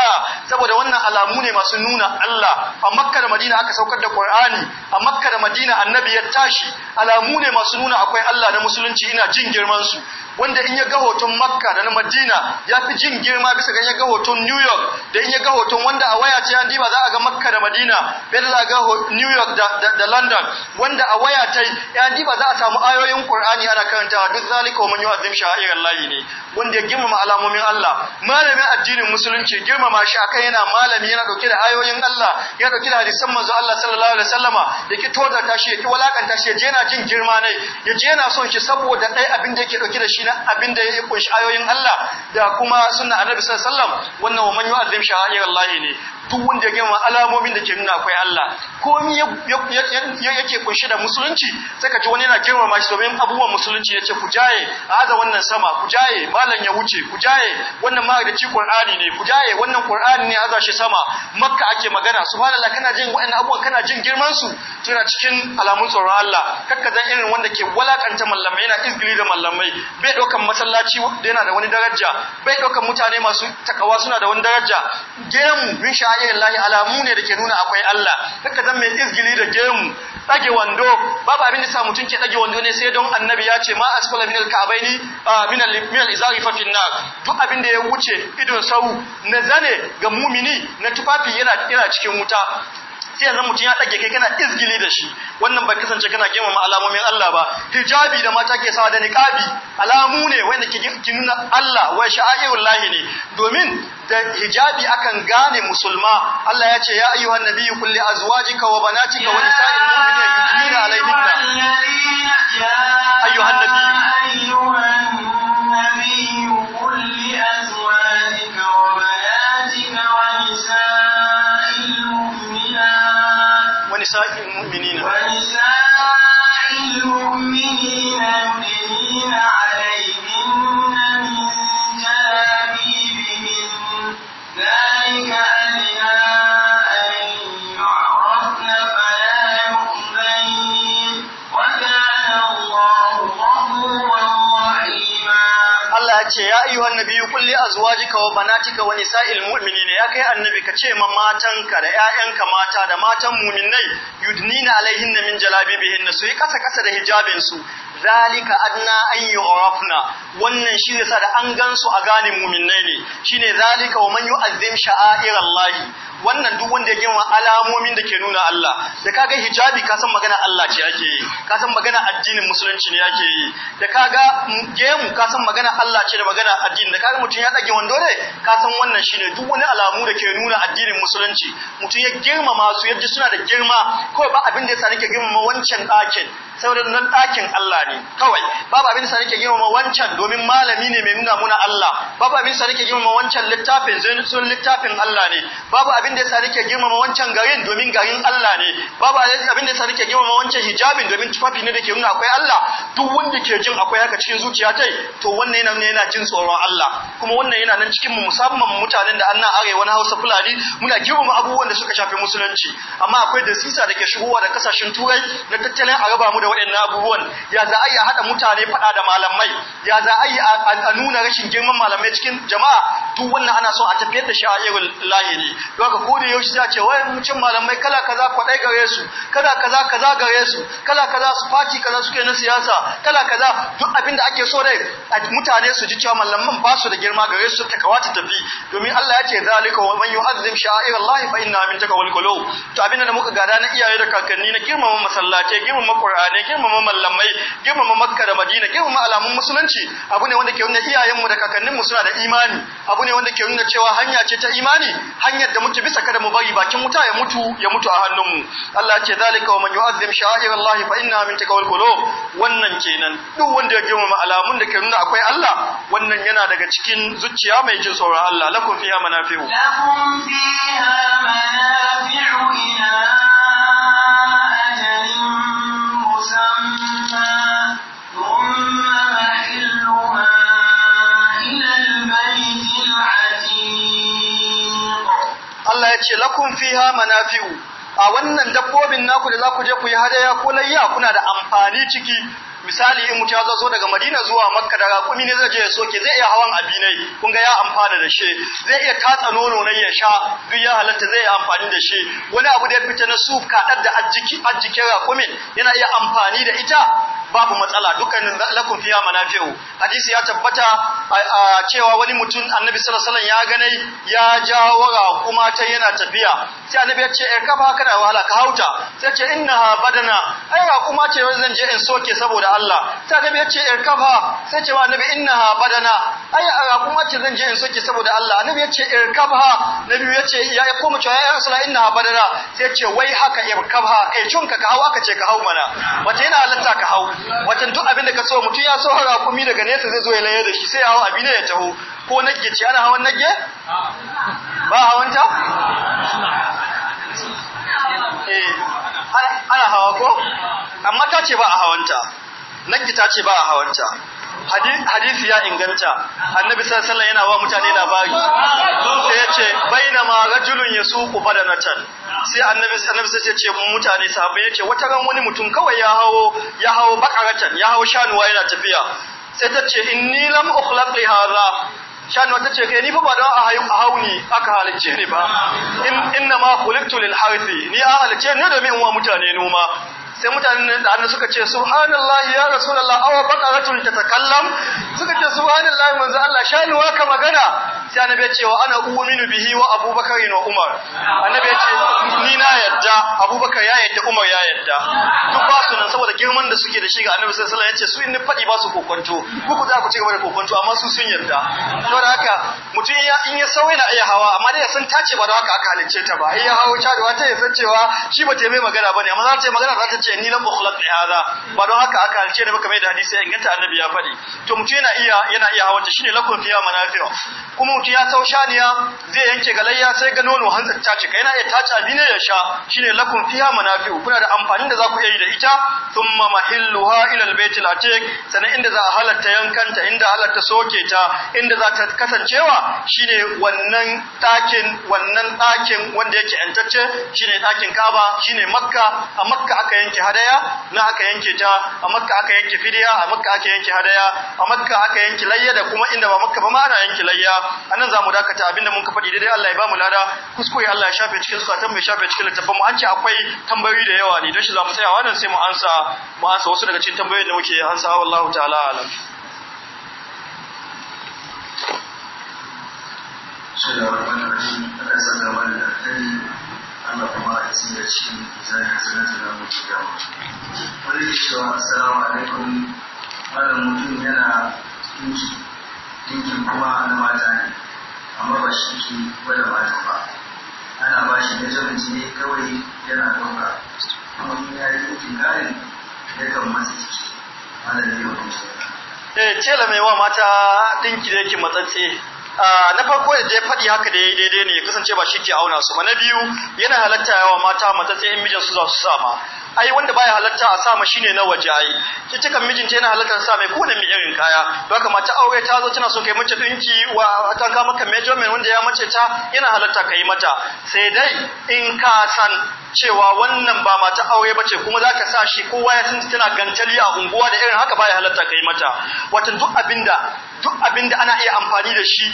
saboda wannan alamu ne masu nuna Allah a Makka da Madina aka saukar da Qur'ani a Makka da Madina annabi ya tashi alamu ne masu nuna akwai Allah na musulunci ina jin girman su wanda in ya ga hoton makka da na madina ya fi jin girma bisa ga ya ga hoton new york da in ya ga hoton wanda a waya ce an diba za a ga makka da madina bai da ga new york da london wanda a waya ta ya diba za a samu ayoyin qur'ani ana karanta duk zalika wa man yu'azzim sha'irar lahi ne wanda ya girmama alamomin allah malamin addinin musulunci girmama shi akan yana malami yana dauke da ayoyin allah ya dauke da hadisan manzo allah sallallahu alaihi wasallama da ki tozarta shi ya ki walakanta shi ya je yana jin girma ne ya je yana son shi saboda dai abin da yake dauke da shi na abin da ya kunshi ayoyin Allah da kuma sunna annabi sallallahu alaihi wasallam wannan wa man yu'azzim sha'air Allah ne duk wanda ya gama alamomin da ke nuna akwai Allah komi yake kunshi da musulunci sai ka ji wani yana girmama shi domin abubuwan musulunci yace ku jaye a haza wannan sama ku jaye malan ya wuce ku jaye wannan ma da ci Qur'ani ne ku jaye wannan Qur'ani ne haza shi sama makka ake magana subhanallah kana jin wa'annan abubuwan kana jin girman su tana cikin alamun tsoron Allah kakka zan irin wanda ke walakanta mallamai yana izgili da mallamai bai dokan masallaci da yana da wani daraja bai dokan mutane masu takawa suna da wani daraja gemu bin sha'airillahi alamu ne da ke nuna akwai Allah kakka nan mai izgili da gemu dage wando babu abin da sa mutum ke dage wando ne sai don annabi ya ce ma asfala minal ka'baini minal al izari fa nar duk abin da ya wuce idon sau na zane ga mumini na tufafi yana cikin wuta sai yanzu mutum ya ɗage kai kana izgili da shi wannan bai kasance kana girmama alamomin Allah ba hijabi da mata ke sawa da niqabi alamu ne wanda ke nuna Allah wa sha'irul lahi ne domin da hijabi akan gane musulma Allah ya ce ya ayyuhan nabiyyu qul li azwajika wa banatika wa nisa'il mu'minina yudnina alayhinna ayyuhan nabiyyu nisa'il mu'minina ayyuhan nabiyyu qul li azwajika wa banatika wa nisa'il mu'minina ya kai annabi ka ce ma matanka da ƴaƴanka mata da matan mu'minai yudnina alaihinna min jalabibihinna su yi kasa kasa da hijabin su zalika adna an yu'rafna wannan shi zai sa da an gansu a gane muminai ne shi ne zalika wa man azim sha'air Allah wannan duk wanda ya gina alamomin da ke nuna Allah da kaga hijabi ka san magana Allah ce yake yi ka san magana addinin musulunci ne yake yi da kaga gemu ka san magana Allah ce da magana addini da kaga mutum ya dage wando ne ka san wannan ne duk wani alamu da ke nuna addinin musulunci Mutum ya girma masu yadda suna da girma kawai ba abin da ya sani nake girma wancan ɗakin saboda nan ɗakin Allah ne kawai babu abin da yasa nake girma wancan domin malami ne mai nuna muna Allah babu abin sa nake girmama wancan littafin sun littafin Allah ne babu abin da yasa nake girmama wancan garin domin garin Allah ne babu abin da yasa nake girmama wancan hijabin domin tufafi ne dake nuna akwai Allah duk wanda ke jin akwai haka cikin zuciya tai to wannan yana nuna yana jin tsoron Allah kuma wannan yana nan cikin mu musamman mutanen da annan arewa na Hausa Fulani muna girmama abubuwan da suka shafi musulunci amma akwai da sisa dake shigowa da kasashen turai na tattalin araba mu da waɗannan abubuwan ya za a iya haɗa mutane faɗa da malamai ya za ayi a nuna rashin girman malamai cikin jama'a duk wannan ana so a tafiyar da shi a irin lahiri don haka ko da yaushe za a ce wai mutum malamai kala kaza kwadai gare su kala kaza kaza gare su kala kaza su faci kaza suke na siyasa kala kaza duk abin da ake so dai mutane su ji cewa malaman ba su da girma gare su ta kawata tafi domin Allah ya ce zalika wa man yu'azzim sha'ir Allah fa inna min wal qulub to abin da muka gada na iyaye da kakanni na girmama masallatai girmama Qur'ani girmama mallamai girmama Makka da Madina girmama alamun musulunci abu ne wanda ke nuna iyayenmu da kakanninmu suna da imani abu ne wanda ke nuna cewa hanya ce ta imani hanyar da muke bisa kada mu bari bakin wuta ya mutu ya mutu a hannunmu Allah ce zalika wa man yu'azzim Allah fa inna min taqwal qulub wannan kenan duk wanda ya girmama alamun da ke nuna akwai Allah wannan yana daga cikin zuciya mai jin tsoron Allah lakum fiha manafi'u lakum fiha manafi'u ila ce lakum fiha manafi'u a wannan dabbobin naku da zaku je ku yi hadaya ko layya kuna da amfani ciki misali in mutum ya zo daga Madina zuwa Makka daga kumi ne zai je ya soke zai iya hawan abinai kun ga ya amfana da shi zai iya tatsa nono ne ya sha duk ya halatta zai iya amfani da shi wani abu da ya fita na suf kadar da ajiki ajike rakumin yana iya amfani da ita babu matsala dukkanin lakum fiya manafi'u hadisi ya tabbata cewa wani mutum annabi sallallahu alaihi wasallam ya ganai ya jawo kuma ta yana tafiya sai annabi ya ce eh ka ba kana wahala ka hauta sai ce innaha badana ai kuma ce zan je in soke saboda Allah sai annabi ya ce eh ka ba sai ce wa annabi innaha badana ai kuma ce zan je in soke saboda Allah annabi ya ce eh ka ba annabi ya ce ya koma cewa ya rasulullah innaha badana sai ce wai haka eh ka ba kai cunka ka hau aka ce ka hau mana wata yana halatta ka hau wajen duk abin da ka so mutum ya so rakumi daga nesa zai zo ya layar da shi sai ya hawa abin ya taho ko nage ce ana hawan nage ba hawan ta eh, ana hawa ko amma ta ce ba a hawan ta, nage ta ce ba a hawan ta. hadisi ya inganta annabi sallallahu alaihi yana wa mutane labari sai yace bainama rajulun yasuqu badanatan sai annabi sallallahu alaihi ce mutane sahabbai yace wata ran wani mutum kawai ya hawo ya hawo bakaratan ya hawo shanuwa yana tafiya sai ta ce inni lam ukhlaq li hadha shanuwa ta ce kai ni fa ba don a hauni aka halice ni ba inna ma khuliqtu lil harthi ni a halicce ne domin in wa mutane noma sai mutanen da annabi suka ce subhanallahi ya rasulullah aw baqaratun tatakallam suka ce subhanallahi manzo Allah shani waka magana sai annabi ya ce wa ana uminu bihi wa abubakar wa umar annabi ya ce ni na yadda abubakar ya yadda umar ya yadda duk ba su nan saboda girman da suke da shi ga annabi sallallahu alaihi wasallam ya ce su in ni fadi ba su kokonto ku za ku ci gaba da kokonto amma su sun yadda saboda haka mutum in ya sauye na iya hawa amma dai ya san tace ba da haka aka halicce ta ba iya hawo ta da wata ya san cewa shi ba ta yi mai magana bane amma za ta yi magana za ta ce ni lam ukhlaq li hada ba don haka aka halce ne baka mai da hadisi inganta annabi ya faɗi to mutum yana iya yana iya hawa shine lakun fiya manafi'u kuma mutum ya sau shaniya zai yanke galayya sai ga nono hanzar ta cika yana iya tace abin ya sha shine lakun fiya manafi'u kuna da amfanin da za ku iya yi da ita thumma mahilluha ila albayt sanan inda za a halatta yankanta inda halatta soke ta inda za ta kasancewa shine wannan ɗakin wannan ɗakin wanda yake yantacce shine ɗakin Kaaba shine Makka a Makka aka yanke yanke hadaya na aka yanke ta a makka aka yanke fidiya a makka aka yanke hadaya a makka aka yanke layya da kuma inda ba makka ba ma ana yanke layya anan zamu dakata abinda mun ka faɗi dai Allah ya ba mu lada kuskure Allah ya shafe cikin zukatan mai shafe cikin littafin mu an ce akwai tambayoyi da yawa ne don shi zamu tsaya wannan sai mu ansa mu ansa wasu daga cikin tambayoyin da muke ansa wallahu ta'ala alam Bismillahirrahmanirrahim. Allah saka mana hamsin da cikin mizanin hasanatu na mutu yawa wani cewa assalamu alaikum wannan mutum yana dinki dinkin kuma na mata ne amma ba shi ke wadda mata ba ana ba shi na zumunci ne kawai yana ɗauka kuma in ya yi dinkin gari ya kan masu ciki wadda ne ya kusa. Eh, ce la mai wa mata dinki da yake matsatse Ah, na farko da dai faɗi haka da dai daidai ne kasance ba shi ke auna su ba na biyu yana halatta yawa mata mata sai in mijin su za su sama ai wanda baya halarta a sa ma shine na waje ai kicikan mijinta yana halatta sa mai kowane mai irin kaya to haka mace aure ta zo tana so kai mace dinki wa ta ka maka measurement wanda ya mace ta yana halatta kai mata sai dai in ka san cewa wannan ba mata aure ba ce kuma zaka sa shi kowa ya san tana gantali a unguwa da irin haka baya halatta kai mata wato duk abinda duk abinda ana iya amfani da shi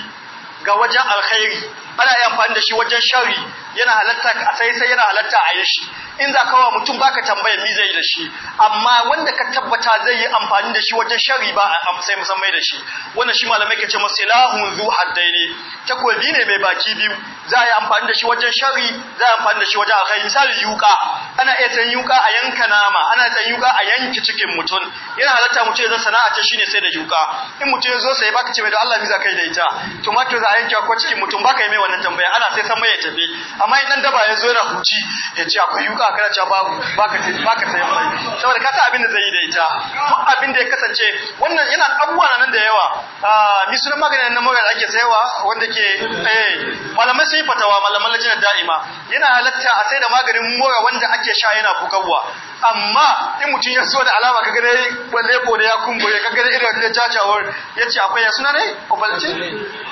ga wajen alkhairi ana iya amfani da shi wajen shari yana halatta a sai sai yana halatta a yi shi in za kawo mutum baka tambayar mi zai da shi amma wanda ka tabbata zai yi amfani da shi wajen shari ba a sai musamman da shi wannan shi malamai ke ce masilahun zu haddaini takobi ne mai baki biyu za a yi amfani da shi wajen shari za a yi amfani da shi wajen alkhairi misali yuka ana iya san yuka a yanka nama ana san yuka a yanki cikin mutum yana halatta mutum ya zo sana'a ta shi ne sai da yuka in mutum ya zo sai baka ce mai da Allah mi za kai da ita tumatir za a yanka ko cikin mutum baka yi mai wannan tambaya ana sai san ya tafi amma idan daba ya zo yana huci ya ce akwai yuka kana cewa babu baka ce baka sai mai saboda ka san abin da zai yi da ita ko abin da ya kasance wannan yana abubuwa nan da yawa ah, ni sunan maganin nan magana ake sayawa wanda ke eh malamai sai fatawa malaman lajinar da'ima yana halatta a sai da maganin mura wanda ake sha yana bugawa amma in mutum ya so da alama ka gane balle ko da ya kumbure ka gane irin da jajawar ya ce akwai ya suna ne obalce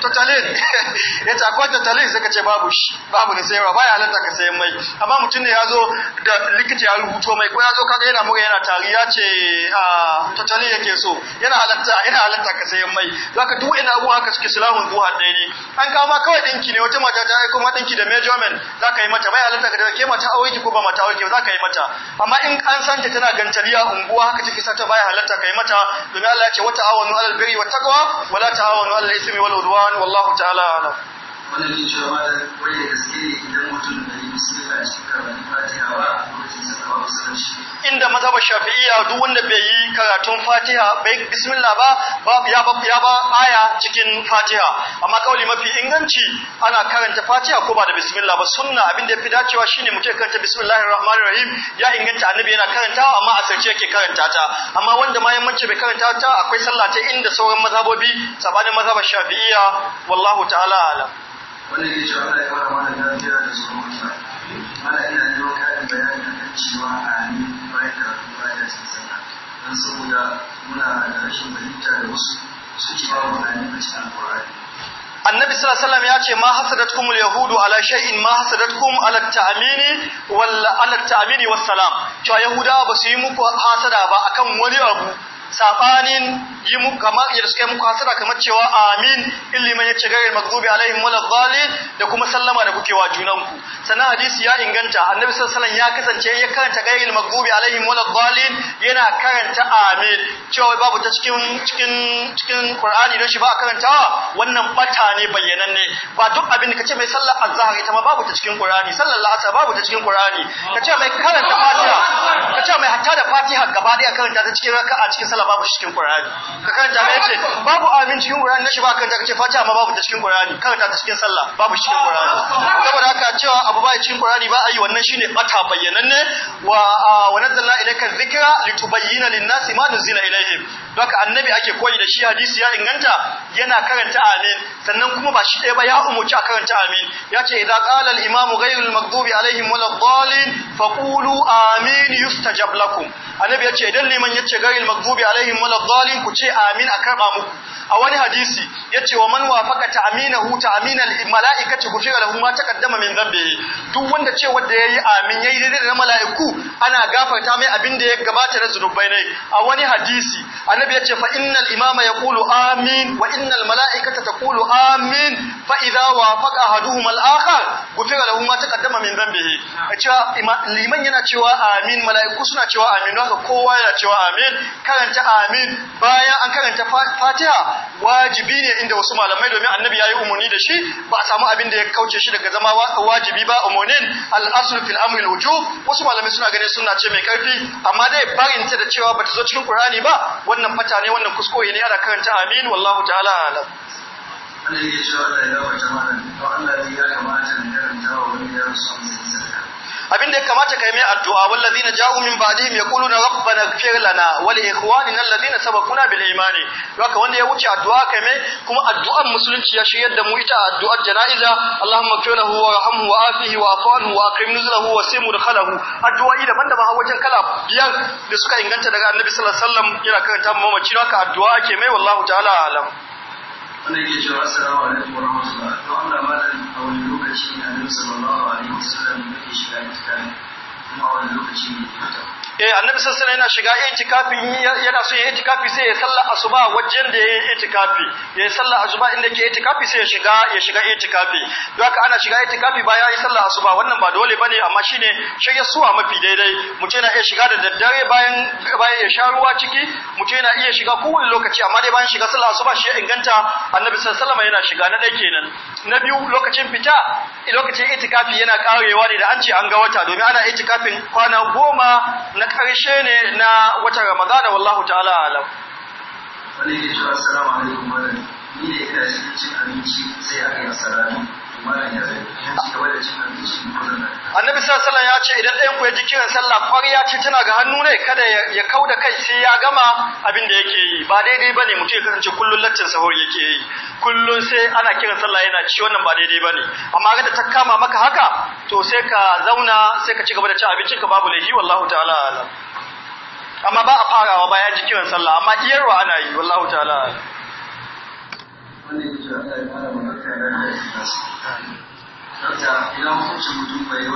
totalin ya ce akwai totalin sai ka ce babu shi babu na sayarwa baya halatta ka sayan mai amma mutum ne ya zo da likita ya rubuto mai ko ya zo kaga yana muka yana tari ya ce ah, totalin yake so yana halatta yana halatta ka sayan mai zaka duk ina abubuwa haka suke sulamun duha ɗaya ne an kawo ma kawai ɗinki ne wata mata ta aiko ma ɗinki da za ka yi mata bai halatta ka da ke mata aure ko ba mata aure za ka yi mata amma in in an santa tana gantariya unguwa haka take ta baya halatta kai mata don Allah ya ce wa ta'awanu alal birri wa taqwa wala ta'awanu alal ismi wal udwan wallahu ta'ala a'lam wannan cewa da ne idan mutum da yi a cikin fatiha ba lokacin sa inda mazhabar shafi'iyya duk wanda bai yi karatun fatiha bai bismillah ba babu ya ba ya ba aya cikin fatiha amma kauli mafi inganci ana karanta fatiha ko ba da bismillah ba sunna abin da yafi dacewa shine mutum ya karanta bismillahir rahmanir rahim ya inganta annabi yana karanta, amma a sarce yake karanta ta amma wanda ma yammanci bai karanta ta akwai sallah ta inda sauran mazhabobi sabanin mazhabar shafi'iyya wallahu ta'ala alam wanda ke cewa ya fara lafiya da ina kayan da cewa bayan da bayan don saboda muna da rashin fahimta da wasu a cikin annabi sallallahu ya ce ma al yahudu ala shay'in ma hasadatkum ala ta'mini wal ala ta'mini was cewa yahuda ba su yi muku hasada ba akan wani abu sabanin yi mu kamar ya suka muku hasara kamar cewa amin illiman yace gairil maghdubi alaihim waladdallin da kuma sallama da kuke wa junanku sanan hadisi ya inganta annabi sallallahu ya kasance ya karanta gairil maghdubi alaihim waladdallin yana karanta amin cewa babu ta cikin cikin cikin Qur'ani don shi ba karantawa wannan bata ne ne ba duk abin da kace mai sallar azhar ita ma babu ta cikin Qur'ani sallar asar babu ta cikin Qur'ani kace mai karanta fatiha kace mai hatta da fatiha gaba daya karanta ta cikin raka'a cikin Allah babu shi cikin Qur'ani ka karanta ka ce babu amin cikin Qur'ani na shi ba karanta ce. fatiha amma babu ta cikin Qur'ani karanta ta cikin sallah babu shi cikin Qur'ani saboda haka cewa abu ba cikin Qur'ani ba ayi wannan shine bata bayyananne wa wa nazzalna ilayka dhikra litubayyana lin-nasi ma nuzila ilayhim doka annabi ake koyi da shi hadisi ya inganta yana karanta amin sannan kuma ba shi ɗaya ba ya umuci a karanta amin ya ce idan qala al-imamu ghayrul maghdubi alaihim waladdallin faqulu amin yustajab lakum annabi ya ce idan liman ya ce ghayrul maghdubi alaihim wala dhalin ku ce amin a karba muku a wani hadisi yace wa man wafaqa ta'minahu ta'minal malaikati gufira lahu ma taqaddama min dhanbihi duk wanda ce wanda yayi amin yayi daidai da malaiku ana gafarta mai abin da ya gabata na zunubai ne a wani hadisi annabi yace fa innal imama yaqulu amin wa innal malaikata taqulu amin fa wafaka wafaqa ahaduhum al-akhar gufira lahu ma taqaddama min dhanbihi cewa liman yana cewa amin malaiku suna cewa amin haka kowa yana cewa amin karanta karanta amin bayan an karanta fatiha wajibi ne inda wasu malamai domin annabi ya yi umarni da shi ba a samu abin da ya kauce shi daga zama wajibi ba umarnin al'asul fil amril wujub wasu malamai suna gane suna ce mai karfi amma dai barin ta da cewa bata zo cikin qur'ani ba wannan fata ne wannan kuskure ne ana karanta amin wallahu ta'ala alam Allah ya ce to Allah ya kamata ne karanta wa wani ya abinda ya kamata ka yi mai addu'a wallazina ja'u min ba'dihim na rabbana ighfir ne wa li ikhwanina allazina sabaquna bil imani haka wanda ya wuce addu'a kai mai kuma addu'an musulunci ya shiryar da mu ita addu'ar janaiza Allahumma ighfir lahu warhamhu wa'afihi wa'fu wa akrim wa daban-daban a wajen kala biyar da suka inganta daga Annabi sallallahu alaihi wasallam yana karanta mu mamaci haka addu'a ke mai wallahu ta'ala alam wannan ke cewa assalamu alaikum wa rahmatullah to Allah malam a wani lokaci ne annabi sallallahu alaihi wasallam yake shiga itikafi kuma a wani lokaci ne ya fita eh annabi sallallahu alaihi yana shiga itikafi yana so ya itikafi sai ya salla asuba wajen da ya itikafi ya salla asuba inda ke itikafi sai ya shiga ya shiga itikafi don haka ana shiga itikafi bayan ya salla asuba wannan ba dole bane amma shine shirye suwa mafi daidai mutum na iya shiga da daddare bayan bayan ya sha ruwa ciki mutum na iya shiga kowane lokaci amma dai bayan shiga salla asuba shi ya inganta annabi sallallahu alaihi yana shiga na dai kenan na biyu lokacin fita lokacin itikafi yana karewa ne da an ce an ga wata domin ana itikafin kwana goma na Karshe ne na wata ramadana wallahu ta'ala alam wani ke cewa assalamu alaikum wani ne ya cikin cin abinci sai a kai salami annabi sallallahu ya ce idan ɗayan ku ya ji kiran sallah ya ce tana ga hannu ne kada ya kau da kai sai ya gama abin da yake yi ba daidai bane mutum ya kasance kullun laccin sahur yake yi kullun sai ana kiran sallah yana ci wannan ba daidai bane amma ga da ta kama maka haka to sai ka zauna sai ka ci gaba da cin abincin ka babu laifi wallahu ta'ala amma ba a farawa ya ji kiran sallah amma iyarwa ana yi wallahu ta'ala wanda ya ce Allah ya fara mu lafiya da ya yi nasu dokta idan hukuncin mutum wani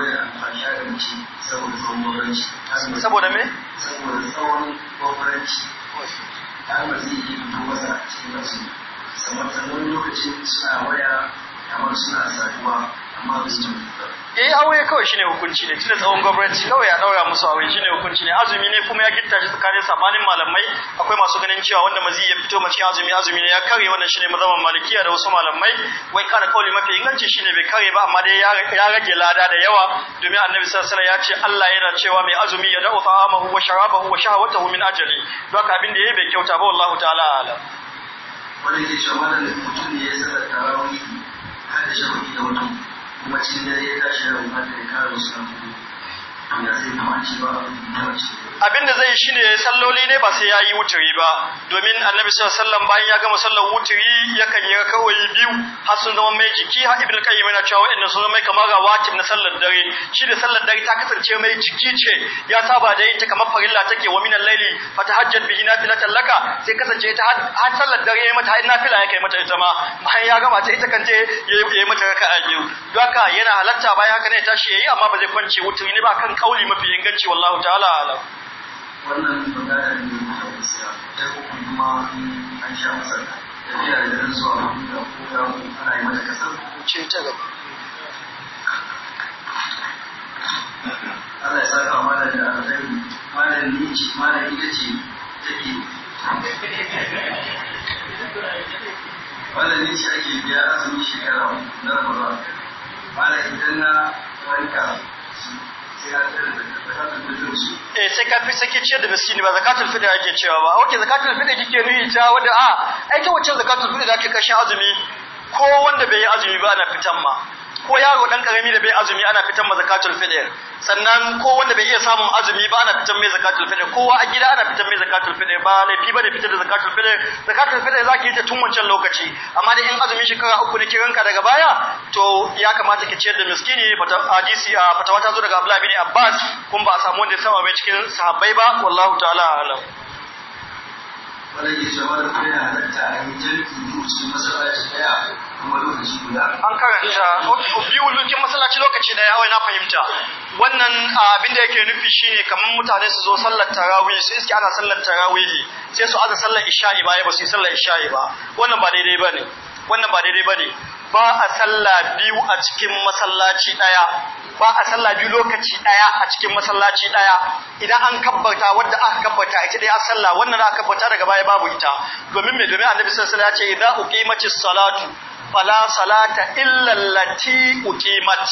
tsawon gwamnati saboda me tsawon gwamnati har ba zai yi fito masa a cikin nasu samarta wani lokacin suna waya kamar suna saduwa eh aure kawai shine hukunci ne tunda tsawon gwamnati kawai ya daura musu aure shine hukunci ne azumi ne kuma ya gitta shi tsakanin samanin malamai akwai masu ganin cewa wanda mazi ya fito mace azumi azumi ne ya kare wannan shine mazaman malikiya da wasu malamai wai kana kauli mafi inganci shine bai kare ba amma dai ya rage lada da yawa domin annabi sallallahu alaihi ya ce Allah yana cewa mai azumi ya da'u ta'amahu wa sharabahu wa shahawatahu min ajali don haka abin da yayi bai kyauta ba wallahu ta'ala alam wannan shi shawara da mutum ne ya saka tarawih har da shawara wannan kuma cikin dare ya tashi da umarta ya kare wasu Abin da zai yi shine salloli ne ba sai ya yi wuturi ba domin annabi sallallahu alaihi wasallam bayan ya gama sallar wuturi yakan yi kawai biyu har sun zama mai jiki har ibnu qayyim yana cewa wa'annan sun zama mai kamar rawatib na sallar dare shi da sallar dare ta kasance mai jiki ce ya saba da yin ta kamar farilla take wa minal laili fatahajjat bihi nafilatan laka sai kasance ta har sallar dare yayi mata har nafila yake mata ita ma bayan ya gama ta ita kan je yayi mata raka'a biyu don haka yana halatta bayan haka ne tashi yayi amma ba zai kwance wuturi ne ba kan kauli mafi inganci wallahu ta'ala alam wannan magana ne ta hukun kuma an sha masa da garin zuwa da ko ana yi mata kasar ce saka mana da ce mana ita ce shi ake biya shekara na ramadan wanda idan na wanka eh sai kafi sake ciyar da miskini ba zakatul fitr ake cewa ba okay zakatul fitr kike nuyi ta wanda a ai ta wacce zakatul fitr da kake kashin azumi ko wanda bai yi azumi ba ana fitan ma ko yaro dan karami da bai azumi ana fitan ma zakatul fitr sannan ko wanda bai iya samun azumi ba ana fitan mai zakatul fitr kowa a gida ana fitan mai zakatul fitr ba laifi bane fitar da zakatul fitr zakatul fitr zaki yi ta tun wancan lokaci amma da in azumin shekara uku ne kiranka daga baya to ya kamata ki ciyar da miskini fata hadisi a ah, fatawa ta zo daga Abdullahi bin Abbas kun ba a samu wanda ya saba mai cikin sahabbai ba wallahu ta'ala alam masallaci lokaci An karanta biyu lukin masallaci lokaci daya wai na fahimta. Wannan ah, abin da yake nufi shine kamar mutane su zo sallar tarawih sai suke ana sallar tarawih sai su aza sallar isha'i ba ba su yi sallar isha'i ba wannan ba daidai ba ne. wannan ba daidai bane ba a sallah biyu a cikin masallaci ɗaya. ba a sallah biyu lokaci ɗaya a cikin masallaci ɗaya. idan an kabbata wanda aka kabbata ita dai a sallah wannan aka kabbata daga baya babu ita domin me domin annabi sallallahu alaihi wasallam ya ce idan uqimati salatu fala salata illa allati uqimat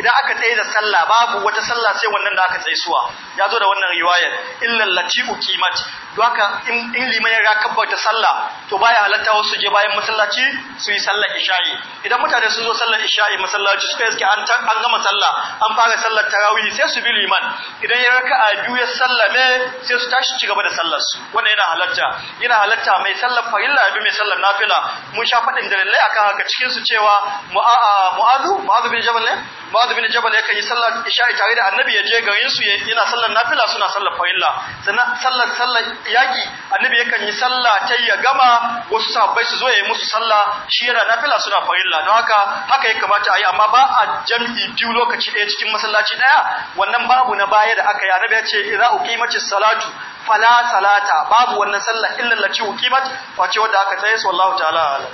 idan aka tsaye da sallah babu wata sallah sai wannan da aka tsaye suwa ya zo da wannan riwayar illa allati uqimat to haka in liman ya rakabba ta sallah to baya halatta wasu je bayan masallaci su yi sallar isha'i idan mutane sun zo sallar isha'i masallaci suka yi an an gama sallah an fara sallar tarawih sai su bi liman idan ya raka'a biyu ya sallame sai su tashi ci gaba da sallar su wannan yana halatta yana halatta mai sallar farilla ya bi mai sallar nafila mun sha faɗin dalilai akan haka cikin su cewa mu'azu mu'azu bin jabal ne mu'azu bin jabal ya yi sallar isha'i tare da annabi ya je garin su yana sallar nafila suna sallar farilla sannan sallar sallar yaki annabi yakan yi sallah ta ya gama wasu sahabbai su zo ya yi musu sallah shi yana nafila suna farilla don haka haka ya kamata ayi amma ba a jam'i biyu lokaci ɗaya cikin masallaci ɗaya wannan babu na baya da aka yi annabi ya ce idza uqimatis salatu fala salata babu wannan sallah illa lati uqimat wace wanda aka tsaye sallallahu ta'ala alam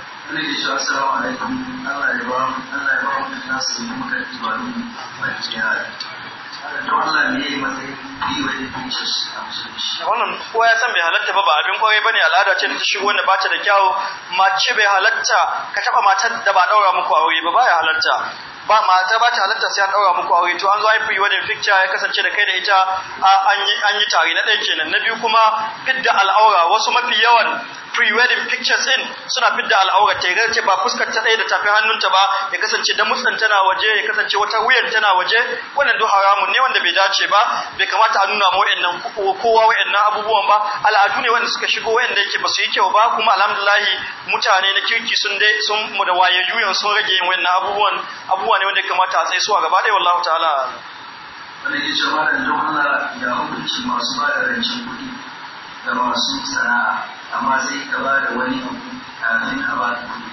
assalamu alaikum Allah ya ba mu Allah ya ba mu nasu muka ibadu ba ya ya Wannan kowa ya san bai halatta ba ba abin kwarai ba ne al'ada ce da ta shigo wanda ba ta da kyau mace bai halatta ka taba matar da ba daura muku aure ba ba ya halatta. ba mata ba ta halatta sai an daura muku aure to an zo fi wani picture ya kasance da kai da ita an yi tare na ɗaya kenan na biyu kuma fidda al'aura wasu mafi yawan pre-wedding pictures in suna fidda al'aura ta ga ce ba fuskar ta ɗaya da tafi hannunta ba ya kasance da mutsan tana waje ya kasance wata wuyan tana waje wannan duk haramun ne wanda bai dace ba bai kamata a nuna ma wayannan kowa wayannan abubuwan ba al'adu ne wanda suka shigo wayanda yake ba su yi kyau ba kuma alhamdulillah mutane na kirki sun dai sun mu da wayayyu sun rage yin wayannan abubuwan abubuwa ne wanda ya kamata a tsaye su a gaba ɗaya wallahu ta'ala wanda ke cewa da don Allah ya hukunci masu ba da kuɗi da masu sana'a amma sai ka ba da wani kafin a ba da kuɗi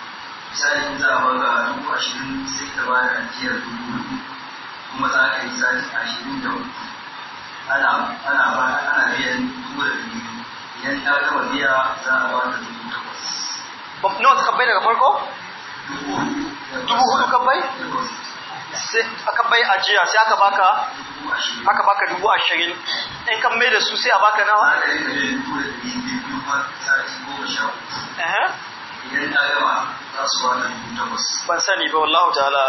misali za a baka dubu ashirin sai ka ba da ajiyar dubu kuma za ka yi sati ashirin da hudu ana ana ba ana biyan dubu da biyu idan ta gama biya za a ba da dubu takwas. Nawa suka kabbai daga farko? Dubu hudu. Dubu hudu sai aka bai ajiya sai aka baka aka baka dubu ashirin in kan mai da su sai a baka nawa ban sani ba wallahu ta'ala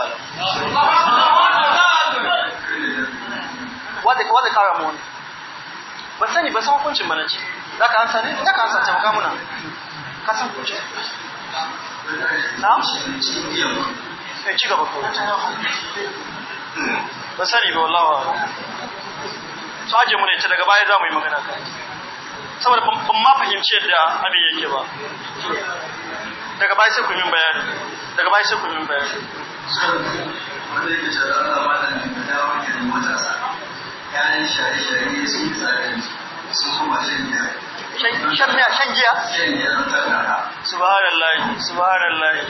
wadda wadda kara mu ban sani ba san hukuncin mana ce za ka ansa ne za ka ansa taimaka muna ka san hukuncin na? kai ci gaba ba sani ba wallawa su aje mu ne ta daga baya za mu yi magana kai saboda ban ma fahimci yadda abin yake ba daga baya sai ku yi bayani daga baya sai ku min bayani shan giya subhanallah subhanallah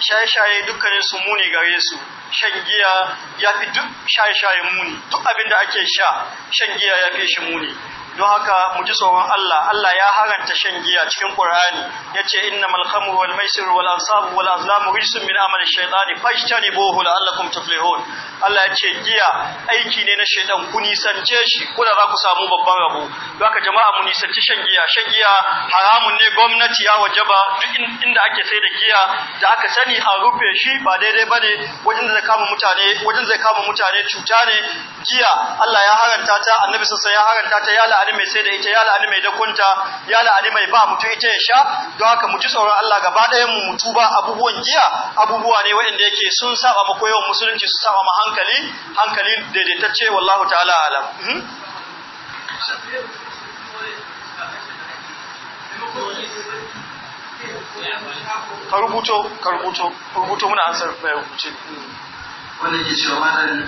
shaye-shaye dukkanin su muni gare su shan giya ya fi duk shaye-shaye muni duk abin da ake sha shan giya ya fi shi muni don haka mu ji tsoron Allah Allah ya haranta shan giya cikin Qur'ani yace innamal khamru wal maisir wal ansab wal azlam rijsun min amali shaytani fajtanibuhu la'allakum tuflihun Allah yace giya aiki ne na shaytan ku nisance shi kula za ku samu babban rabo don haka jama'a mu nisance shan giya shan giya haramun ne gwamnati ya wajaba duk inda ake sai da giya da aka sani an rufe shi ba daidai bane wajen da zai kama mutane wajen zai kama mutane cuta ne giya Allah ya haranta ta annabi sallallahu alaihi wasallam ya haranta ta ya la'ani mai sai da ita ya la'ani mai dakunta ya la'ani mai ba mutu ita ya sha don haka mutu tsoron Allah gaba ɗayan mu mutu ba abubuwan giya abubuwa ne waɗanda yake sun saba ma koyon musulunci su saba ma hankali hankali daidaitacce wallahu ta'ala alam mhm. ka rubuto ka rubuto rubuto muna ansar bayan rubuce wannan ke cewa malam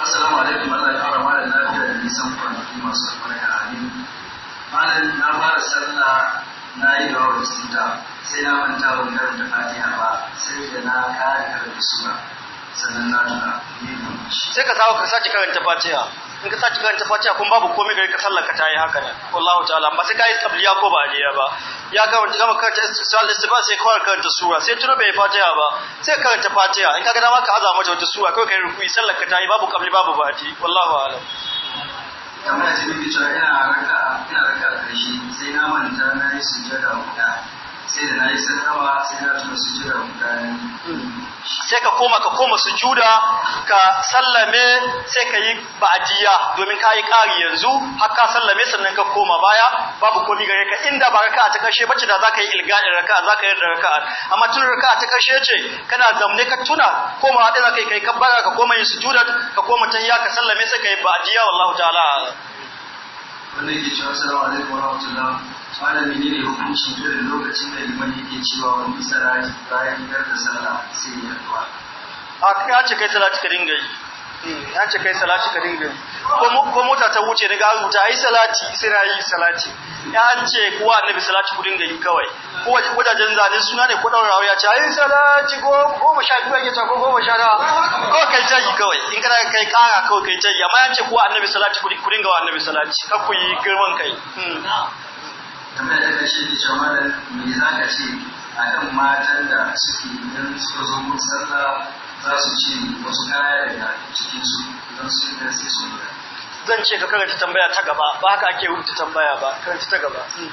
assalamu alaikum Allah ya fara malam lafiya da nisan kwanaki masu a amin malam na fara sallah na yi da wawar sai na manta ban karanta fatiha ba sai da na kare karanta sura sannan sai ka sawo ka sace karanta fatiha in ka sace karanta fatiha kun babu komai gari ka sallaka tayi haka ne wallahi ta'ala ba sai kai qabliya ko ba aliya ba ya ga wanda gama karanta istisal istifa sai ka karanta sura sai tuno bai fatiha ba sai ka karanta fatiha in kaga dama ka azama ta wata sura kai kai rukuyi sallaka tayi babu qabli babu bati wallahi a'lam kamar da jini cewa yana raka ina raka karshe sai na manta na yi sujjada guda sai da na yi sallama sai na tuna sujjada guda ne sai ka koma ka koma sujuda ka sallame sai ka yi ba'diya domin ka yi ƙari yanzu har ka sallame sannan ka koma baya babu komai gare ka inda ba raka'a ta karshe bace da zaka yi ilgadin raka'a zaka yi raka'a amma tun raka'a ta karshe ce kana zamne ka tuna koma da zaka yi kai kabbara ka koma yin sujuda ka koma tayya ka sallame sai ka yi ba'diya wallahu ta'ala wannan yake cewa salamu alaikum wa rahmatullah malam menene hukuncin da lokacin da liman yake cewa wani sarari bayan gidan da sallah sai ya addu'a a kai a ce kai salati ka dinga yi ya eh, ce kai salati ka dinga ko mota ta wuce daga an wuta ai salati sai na yi salati ya an ce kuwa annabi salati ku dinga yi kawai ko wajajen zane suna ne ko daura ya ce ai salati ko goma sha biyu ake ta ko goma sha ko kai ta yi kawai in kana kai kara kawai kai ta yi amma an ce kuwa annabi salati ku dinga wa annabi salati kar ku yi girman kai kamar hmm. da shi ke cewa da me za ka ce akan matan da suke idan suka zo mun sallah zan ce ka karanta tambaya ta gaba ba haka ake wuta tambaya ba karanta ta gaba hmm,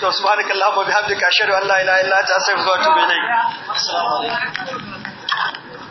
to subhanaka allahumma bihamdika ashhadu an la ilaha illa anta astaghfiruka wa atubu ilayk assalamu alaikum